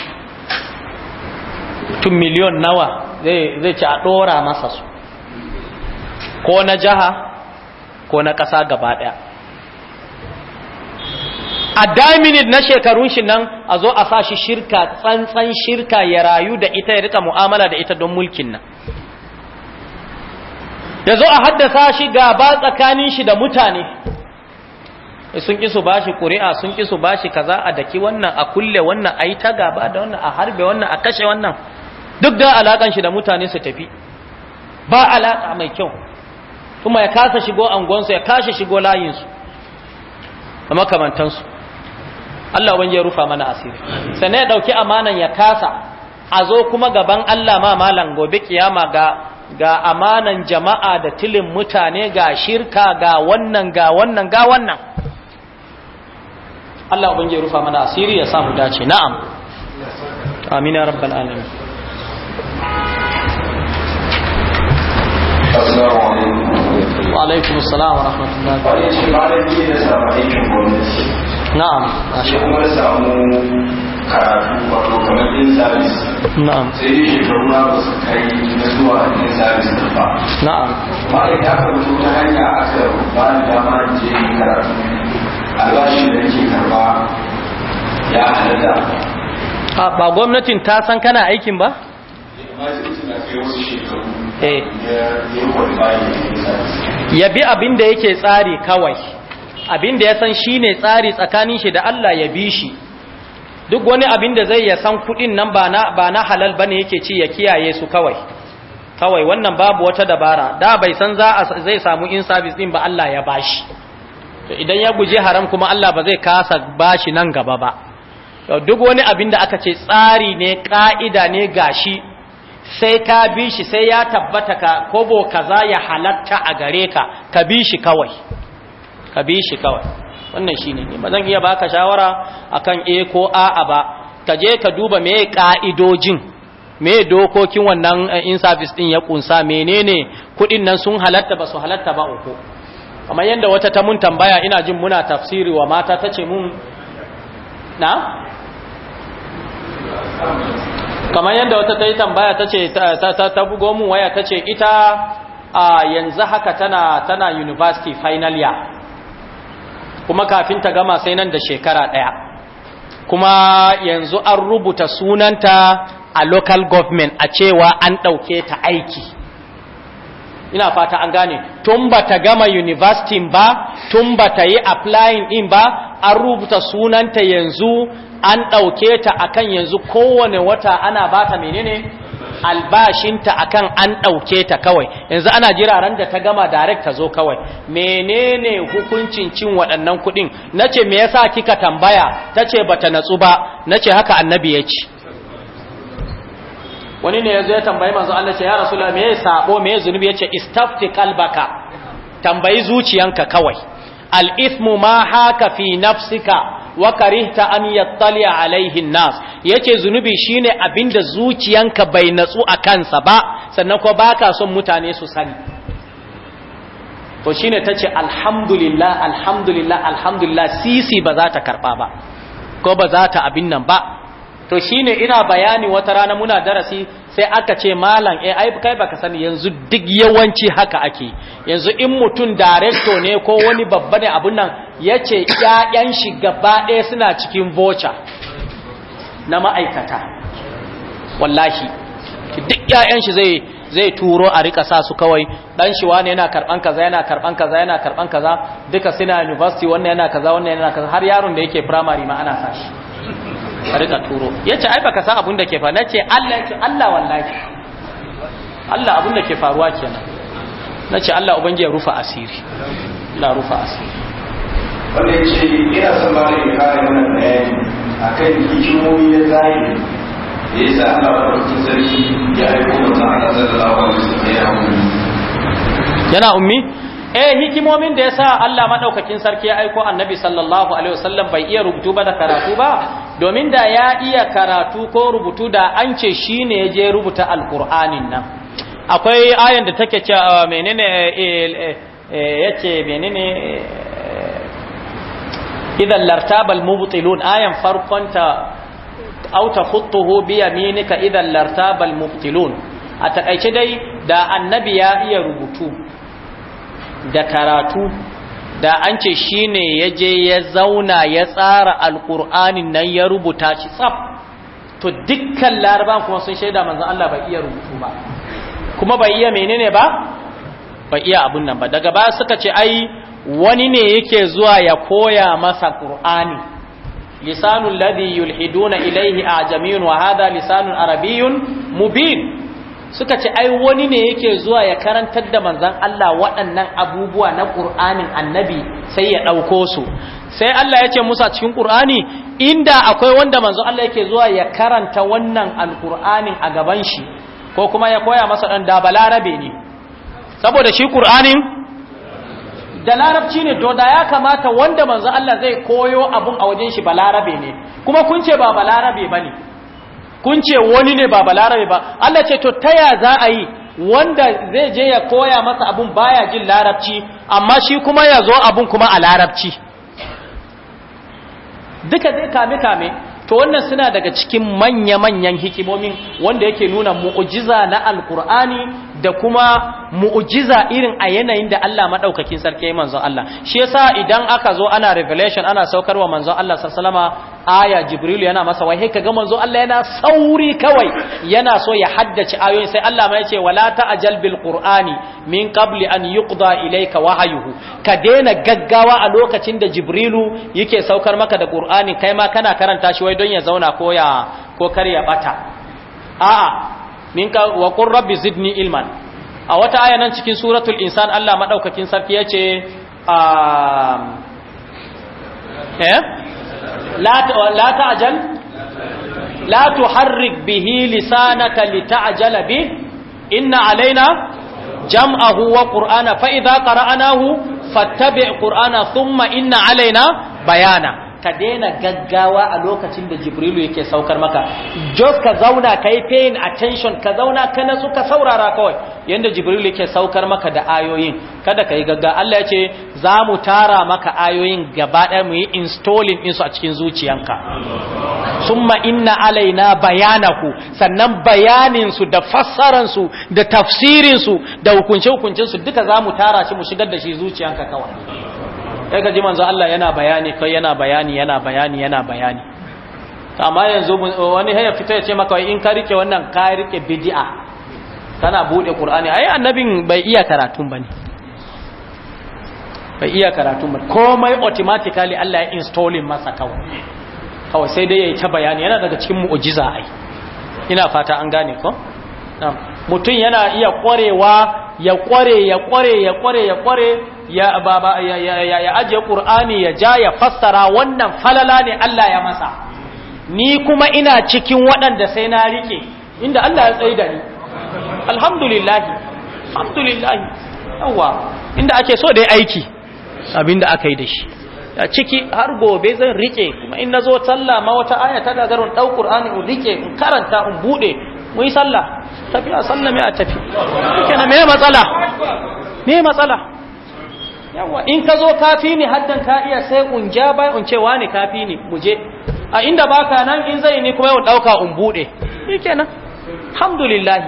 tun miliyon nawa zai ci a ɗora masa su ko na jaha ko na ƙasa gaba ɗaya a daminid na shekarun shi nan a zo a sashi shirka tsantsan shirka ya rayu da ita ya rika mu'amala da ita don mulkin nan ya zo a haddasa shi gaba tsakanin shi da mutane sun ƙi su shi ƙuri'a sun ƙi su shi kaza a daki wannan a kulle wannan a yi ta gaba da wannan a harbe wannan a kashe wannan duk da alaƙan shi da mutane su tafi ba alaƙa mai kyau kuma ya kasa shigo angonsu ya kashe shigo layinsu da makamantansu Allah wani ya rufa mana asiri sannan ya ɗauki amanan ya kasa a zo kuma gaban Allah ma malan gobe kiyama ga ga amanan jama'a da tilin mutane ga shirka ga wannan ga wannan ga wannan Allah ubangi ya rufa mana asiri ya samu dace na'am amin ya rabbal alamin assalamu alaikum wa alaikum assalam wa rahmatullahi wa barakatuh na'am ashe kuma samu karatu wato kamar in service na'am sai dai shekaru na ba su kai na zuwa in service da ba na'am ba da ta karatu ta hanya aka ba da dama je karatu ba gwamnatin ta san kana aikin ba eh. ya bi abin da yake tsari kawai abin da ya san shi ne tsari tsakanin shi da Allah ya bi shi duk wani abin da zai ya san kudin nan ba na halal ba ne yake ci ya kiyaye su kawai kawai wannan babu wata dabara da bai san za zai samu in sabis din ba Allah ya bashi idan ya guje haram kuma Allah ba zai kasa bashi nan gaba ba duk wani abin da aka ce tsari ne ka'ida ne gashi sai ka bi shi sai ya tabbata ka kobo kaza ya halatta a gare ka ka bi shi kawai ka bi shi kawai wannan shine ne ba iya baka shawara akan a ko a'a ba ka je ka duba me ka'idojin me dokokin wannan eh, in service din ya kunsa menene kudin nan sun halatta ba su halatta ba uku kamar yadda wata ta mun tambaya ina jin muna tafsiri wa mata ta ce mun na? kamar yadda wata ta yi tambaya ta ce ta bugo mun waya ta ce ita a yanzu haka tana tana university final year kuma kafin ta gama sai nan da shekara ɗaya kuma yanzu an rubuta sunanta a local government a cewa an ɗauke ta aiki ina fata an gane tun ba ta gama university ba tun ba ta yi applying din ba an rubuta sunanta yanzu an ɗauke ta akan yanzu kowane wata ana ba ta menene albashinta akan an ɗauke ta kawai yanzu ana jiraran da ta gama direct ta zo kawai menene hukuncin cin waɗannan kuɗin na ce me yasa kika tambaya ta ce ba ta natsu ba na ce haka annabi ya ce wani ne yazo ya tambayi manzo Allah ce ya rasulullah me sabo me zunubi yace istafti qalbaka tambayi zuciyanka kawai al ismu ma haka fi nafsika wa karihta an yattali alaihi nas yace zunubi shine abinda zuciyanka bai natsu a kansa ba sannan ko baka son mutane su sani to shine tace alhamdulillah alhamdulillah alhamdulillah sisi ba za ta karba ba ko ba za ta abin nan ba to shine ina bayani wata rana muna darasi sai aka ce malam eh ai kai baka sani yanzu duk yawanci haka ake yanzu in mutum director ne ko wani babba ne abun nan yace ƴaƴan shi gaba ɗaya suna cikin vocha na ma'aikata wallahi duk ƴaƴan shi zai zai turo a rika sa su kawai dan shi wani yana karban kaza yana karban kaza yana karban kaza duka suna university wannan yana kaza wannan yana kaza har yaron da yake primary ma ana sa shi a rika turo yace ai baka san abun da ke faruwa nace Allah yace Allah wallahi Allah abun da ke faruwa kenan nace Allah ubangiya ya rufa asiri la rufa asiri wanda yace ina son ba ni kare wannan a akan hikimomi na zai da yasa Allah barkin sarki ya aiko manzon Allah sallallahu alaihi wasallam ya ummi yana ummi eh hikimomin da yasa Allah madaukakin sarki ya aiko annabi sallallahu alaihi wasallam bai iya rubutu ba da karatu ba domin da ya iya karatu ko rubutu da an ce shi ne ya je rubuta alkur'anin nan akwai ayan da take ce ah, menene eh, eh, eh, ya ce menene idan lartabal mubtilun ayan farkonta auta khuttuhu bi yaminika idan lartabal mubtilun a takaice dai da annabi ya iya rubutu da karatu da an ce shi ne ya je ya zauna ya tsara alkur'anin nan ya rubuta shi tsaf to dukkan laraban kuma sun shaida manzan Allah bai iya rubutu ba kuma bai iya menene ba bai iya abun nan ba daga baya suka ce ai wani ne yake zuwa ya koya masa ƙur'ani lisanul ladhi yulhiduna ilayhi ajamiyun wa hadha lisanul arabiyyun mubin suka ce ai wani ne yake zuwa ya karantar da manzan Allah waɗannan abubuwa na ƙur'anin annabi sai ya ɗauko su sai Allah ya ce musa cikin ƙur'ani inda akwai wanda manzan Allah yake zuwa ya karanta wannan alƙur'anin a gaban shi ko kuma ya koya masa ɗan da balarabe ne saboda shi ƙur'anin da larabci ne to da ya kamata wanda manzan Allah zai koyo abun a wajen shi balarabe ne kuma kun ce ba balarabe ba ne kun ce wani ne ba balarabe ba Allah ce to taya za a yi wanda zai je ya koya masa abun baya jin larabci amma shi kuma ya zo abun kuma a larabci duka zai kame-kame to wannan suna daga cikin manya-manyan hikimomin wanda yake nuna mu'ujiza na alkur'ani da kuma mu'ujiza irin a yanayin da Allah madaukakin sarki ya manzon Allah shi yasa idan aka zo ana revelation ana saukarwa manzon Allah sallama aya jibril yana masa wai kaga manzon Allah yana sauri kawai yana so ya haddace ayoyin sai Allah ma ce wala ta'jal bil qur'ani min qabli an yuqda ilayka wahayuhu ka daina gaggawa a lokacin da jibrilu yake saukar maka da qur'ani kai ma kana karanta shi wai don ya zauna ko ko kar ya bata a'a minka wa qur rabbi zidni ilman a wata aya nan cikin suratul insan Allah madaukakin sarki yace eh la ta'jal la tuharrik bihi lisanaka lita'jala bi inna alaina jam'ahu wa qur'ana fa idza qara'nahu fattabi' qur'ana thumma inna alaina bayana ka daina gaggawa a lokacin da jibrilu yake saukar maka just ka zauna ka yi paying attention ka zauna ka nasu ka saurara kawai yadda jibrilu yake saukar maka da ayoyin kada ka yi gagga Allah ya ce za mu tara maka ayoyin gaba ɗaya mu yi installing ɗinsu a cikin zuciyanka summa inna alaina bayanaku sannan bayaninsu da fassaransu da tafsirinsu da hukunce-hukuncensu duka za mu tara shi mu shigar da shi zuciyanka kawai sai ka ji manzo Allah yana bayani kai yana bayani yana bayani yana bayani amma yanzu wani haya fito ya ce maka in ka rike wannan ka rike bid'a kana bude qur'ani ai annabin bai iya karatun bane bai iya karatun bane komai automatically Allah ya installing masa kawai kawai sai dai yayi ta bayani yana daga cikin mu'jiza ai ina fata an gane ko mutum yana iya kwarewa ya kware ya kware ya kware ya kware ya baba ya ya ya aje qur'ani ya ja ya fassara wannan falala ne Allah ya masa ni kuma ina cikin waɗanda sai na rike inda Allah ya tsaye da ni alhamdulillah alhamdulillah yawa inda ake so da aiki abinda aka yi da shi a ciki har gobe zan rike kuma in nazo sallah ma wata aya ta gagarun dau qur'ani in rike in karanta in bude mu yi sallah tafi a tafiya sallame a tafi kike na me matsala me matsala yawa in ka zo kafi ni haddan ka iya sai unja bai unce wani kafi ni je a inda baka nan in zai ni kuma yau dauka in bude shikenan alhamdulillah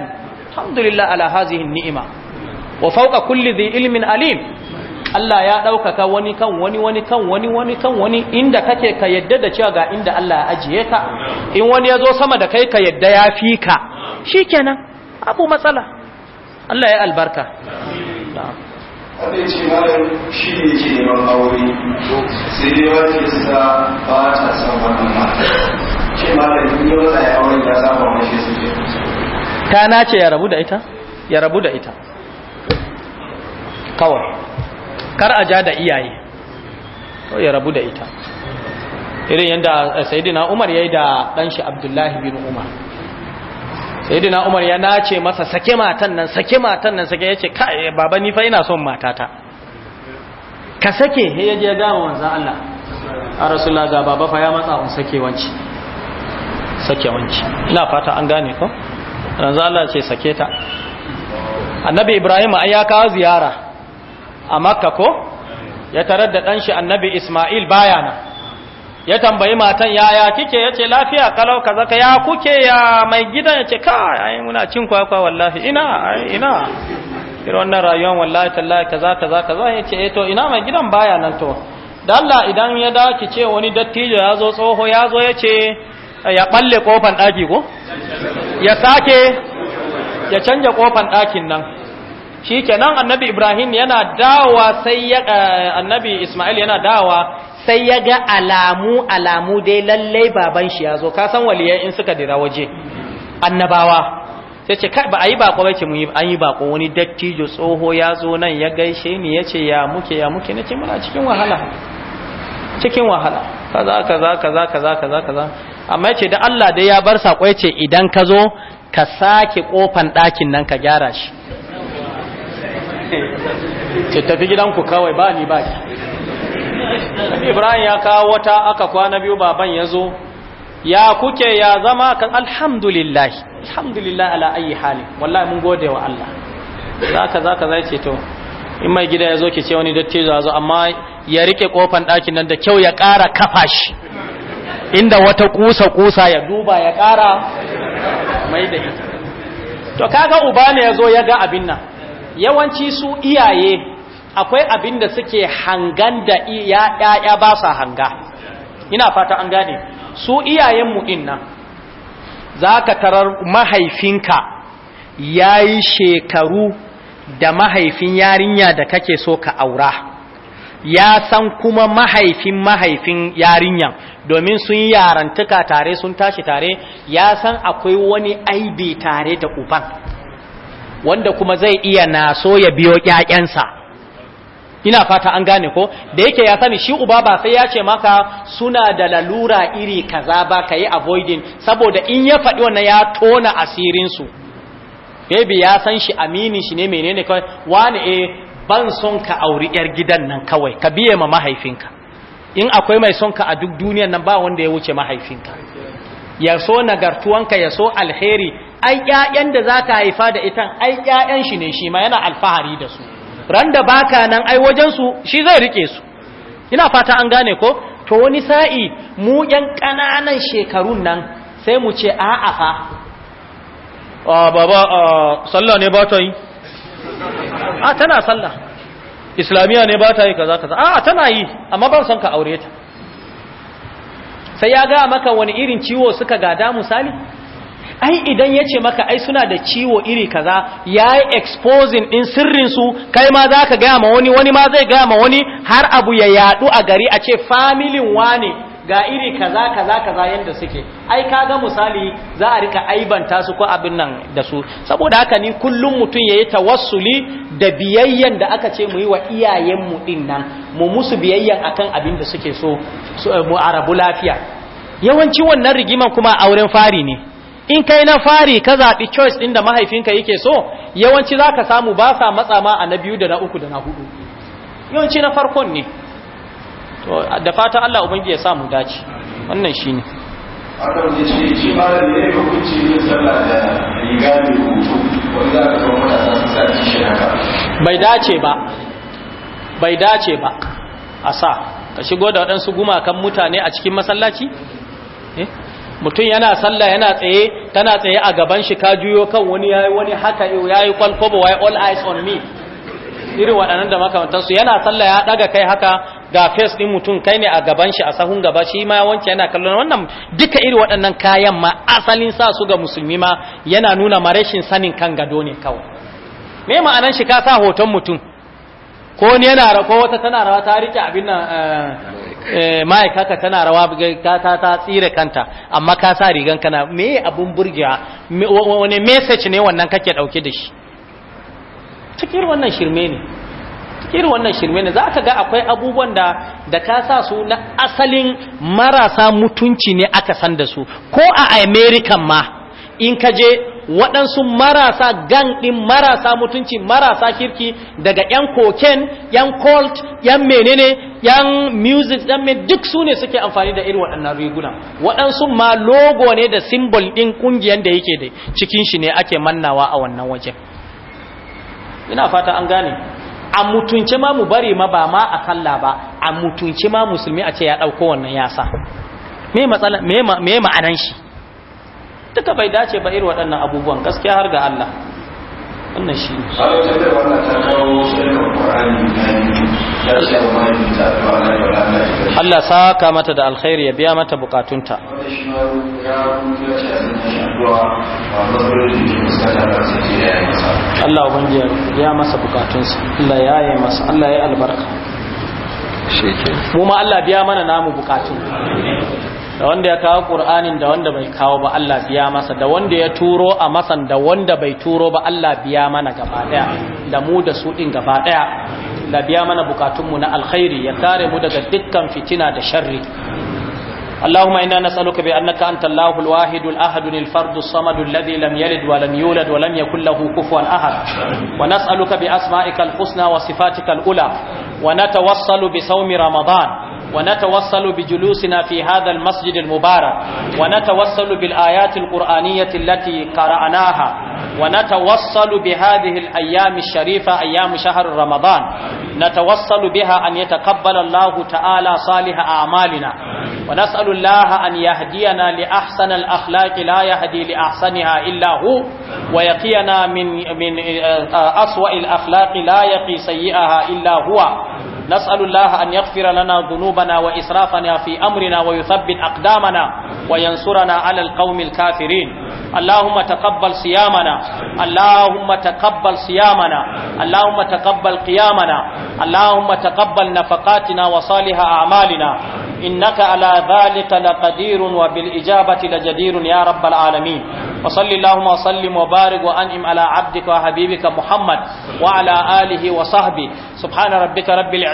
alhamdulillah ala hazihi ni'ima wa fauka kulli dhi ilmin alim Allah ya ɗaukaka wani kan wani wani kan wani wani kan wani inda kake ka yadda da cewa ga inda Allah ya ajiye ka in wani ya zo sama da kai ka yadda ya fi ka shi kenan abu matsala Allah ya albarka wanda ce ta ya nace ya rabu da ita ya rabu da ita kawai kar a ja da iyaye to ya rabu da ita irin yadda sayidina umar yayi yi da ɗanshi abdullahi bin umar sayyidina umar ya nace masa sake matan nan sake matan nan sake yace kai baba ni fa ina son matata ka sake he yaje ya ga manzo Allah a rasulullah ga baba fa ya matsa un sake wanci sake wanci ina fata an gane ko manzo Allah ce sake ta annabi ibrahim ai ya kawo ziyara a makka ko ya tarar da dan shi annabi isma'il baya nan ya tambayi matan yaya kike yace lafiya kalau kaza ka ya kuke ya mai gidan yace ka ai muna cin kwakwa wallahi ina ina irin wannan rayuwar wallahi tallahi kaza kaza kaza yace eh to ina mai gidan baya nan to da Allah idan ya dace ce wani dattijo ya zo tsoho ya zo yace ya balle kofan daki ko ya sake ya canja kofan dakin nan shikenan annabi Ibrahim yana dawa sai eh, annabi Ismail yana dawa sai ya ga alamu alamu dai lallai baban shi ya zo ka san waliyai in suka dira waje annabawa sai ce ba a yi bako ba ke an yi bako wani dattijo tsoho ya zo nan ya gaishe ni ya ce ya muke ya muke na ce muna cikin wahala cikin wahala kaza kaza kaza kaza kaza kaza amma ya ce da Allah dai ya bar sako ya ce idan ka zo ka sake kofan ɗakin nan ka gyara shi [LAUGHS] ce tafi gidanku kawai ba ni ba ki ibrahim ya kawo wata aka kwana biyu baban ya zo ya kuke ya zama kan alhamdulillah alhamdulillah ala ayi hali wallahi mun gode wa Allah zaka zaka zai ce to in mai gida ya zo ki ce wani datti ya zo amma ya rike kofan ɗakin nan da kyau ya ƙara kafa shi inda wata kusa kusa ya duba ya ƙara mai da ita to kaga uba ne ya zo ya ga abin nan yawanci su iyaye akwai abin da suke hangan da ya ba sa hanga ina fata an gane su iyayenmu inna za ka tarar mahaifinka ya yi shekaru da mahaifin yarinya da kake so ka aura ya san kuma mahaifin mahaifin yarinya domin sun yarantuka tare sun tashi tare ya san akwai wani aibi tare da uban wanda kuma zai iya naso ya biyo 'ya'yansa ina fata an gane ko da yake ya sani shi uba ba sai ya ce maka suna da lalura iri kaza ba ka yi avoiding saboda in ya faɗi wannan ya tona asirinsu baby ya san shi amini shi ne menene kawai wani e eh, ban son ka auri yar gidan nan kawai ka biye ma mahaifinka in akwai mai son ka a duk duniyan nan ba wanda ya wuce mahaifinka ya so nagartuwanka ya so alheri ai ƴaƴan da za ka haifa da itan ai ƴaƴan shi ne shi ma yana alfahari da su ran da baka nan ai wajensu shi zai rike su ina fata an gane ko to wani sa'i mu yan ƙananan shekarun nan sai mu ce a'a fa a baba a sallah ne ba ta yi a tana sallah islamiyya ne ba ta yi kaza kaza a tana yi amma ban son ka aure ta sai ya ga maka wani irin ciwo suka gada misali ai idan ya ce maka ai suna da ciwo iri kaza ya yi exposing ɗin sirrinsu kai ma za ka gama wani wani ma zai gama wani har abu ya yadu a gari a ce familin wane ga iri kaza kaza kaza yadda suke ai kaga misali za a rika aibanta su ko abin nan da su saboda haka ni kullum mutum ya yi tawassuli da biyayyen da aka ce mu yi wa iyayenmu ɗin nan mu musu biyayyen akan abin da suke so mu arabu lafiya yawanci wannan rigiman kuma auren fari ne in kai na fari ka zaɓi choice ɗin da mahaifinka yake so yawanci za ka samu ba sa matsa ma a na biyu da na uku da na hudu yawanci na farkon ne da fata Allah ubangi ya samu dace wannan shi ne bai dace ba bai dace ba a sa ka shigo da waɗansu gumakan mutane a cikin masallaci? eh mutum yana sallah yana tsaye tana tsaye a gaban shi ka juyo kan wani yayi wani haka yayi kwalkwabo wai all eyes on me irin waɗannan da su yana sallah ya daga kai haka ga face din mutum kai ne a gaban shi a sahun gaba shi ma wanke yana kallon wannan duka irin waɗannan kayan ma asalin sa su ga musulmi ma yana nuna ma sanin kan gado ne kawai me ma'anan shi ka sa hoton mutum ko ne yana rako wata tana rawa ta rike abin nan eh, Eh, ma'aikata tana rawa ta ta ta tsire kanta amma ka sa rigan kana me abun burgewa wani message ne wannan kake dauke da shi cikin wannan shirme ne irin wannan shirme ne za ka ga akwai abubuwan da da ka sa su na asalin marasa mutunci ne aka san da su ko a american ma in ka je waɗansu marasa gang ɗin marasa mutunci marasa kirki daga ‘yan koken ‘yan cult ‘yan menene ‘yan music ɗan mai duk su ne suke amfani da irin waɗannan riguna waɗansu ma logo ne da simbol ɗin ƙungiyar da yake da cikin shi ne ake mannawa a wannan wajen ina fata an gane a mutunce ma mu bari ma ba ma a kalla ba a mutunce ma musulmi a ce ya ɗauko wannan yasa me ma'anan shi duka bai dace ba irin waɗannan abubuwan gaskiya har ga Allah wannan shi ne Allah saka mata da alkhairi ya biya mata bukatunta Allah ubangi ya biya masa bukatunsa Allah ya yi masa Allah ya albarka mu ma Allah biya mana namu bukatun da wanda ya kawo ƙur'anin da wanda bai kawo ba Allah biya masa da wanda ya turo a masan da wanda bai turo ba Allah biya mana gaba ɗaya da mu da su ɗin gaba ɗaya da biya mana bukatunmu na alkhairi ya kare mu daga dukkan fitina da sharri اللهم إنا نسألك بأنك أنت الله الواحد الأحد الفرد الصمد الذي لم يلد ولم يولد ولم يكن له كفوا أحد ونسألك بأسمائك الحسنى وصفاتك الأولى ونتوصل بصوم رمضان ونتوصل بجلوسنا في هذا المسجد المبارك ونتوصل بالآيات القرآنية التي قرأناها ونتوصل بهذه الأيام الشريفة أيام شهر رمضان نتوصل بها أن يتقبل الله تعالى صالح أعمالنا ونسأل الله أن يهدينا لأحسن الأخلاق لا يهدي لأحسنها إلا هو ويقينا من من آه، أسوأ الأخلاق لا يقي سيئها إلا هو نسأل الله أن يغفر لنا ذنوبنا وإسرافنا في أمرنا ويثبت أقدامنا وينصرنا على القوم الكافرين اللهم تقبل صيامنا اللهم تقبل صيامنا اللهم تقبل قيامنا اللهم تقبل نفقاتنا وصالح أعمالنا إنك على ذلك لقدير وبالإجابة لجدير يا رب العالمين وصل اللهم وسلم وبارك وأنعم على عبدك وحبيبك محمد وعلى آله وصحبه سبحان ربك رب العالمين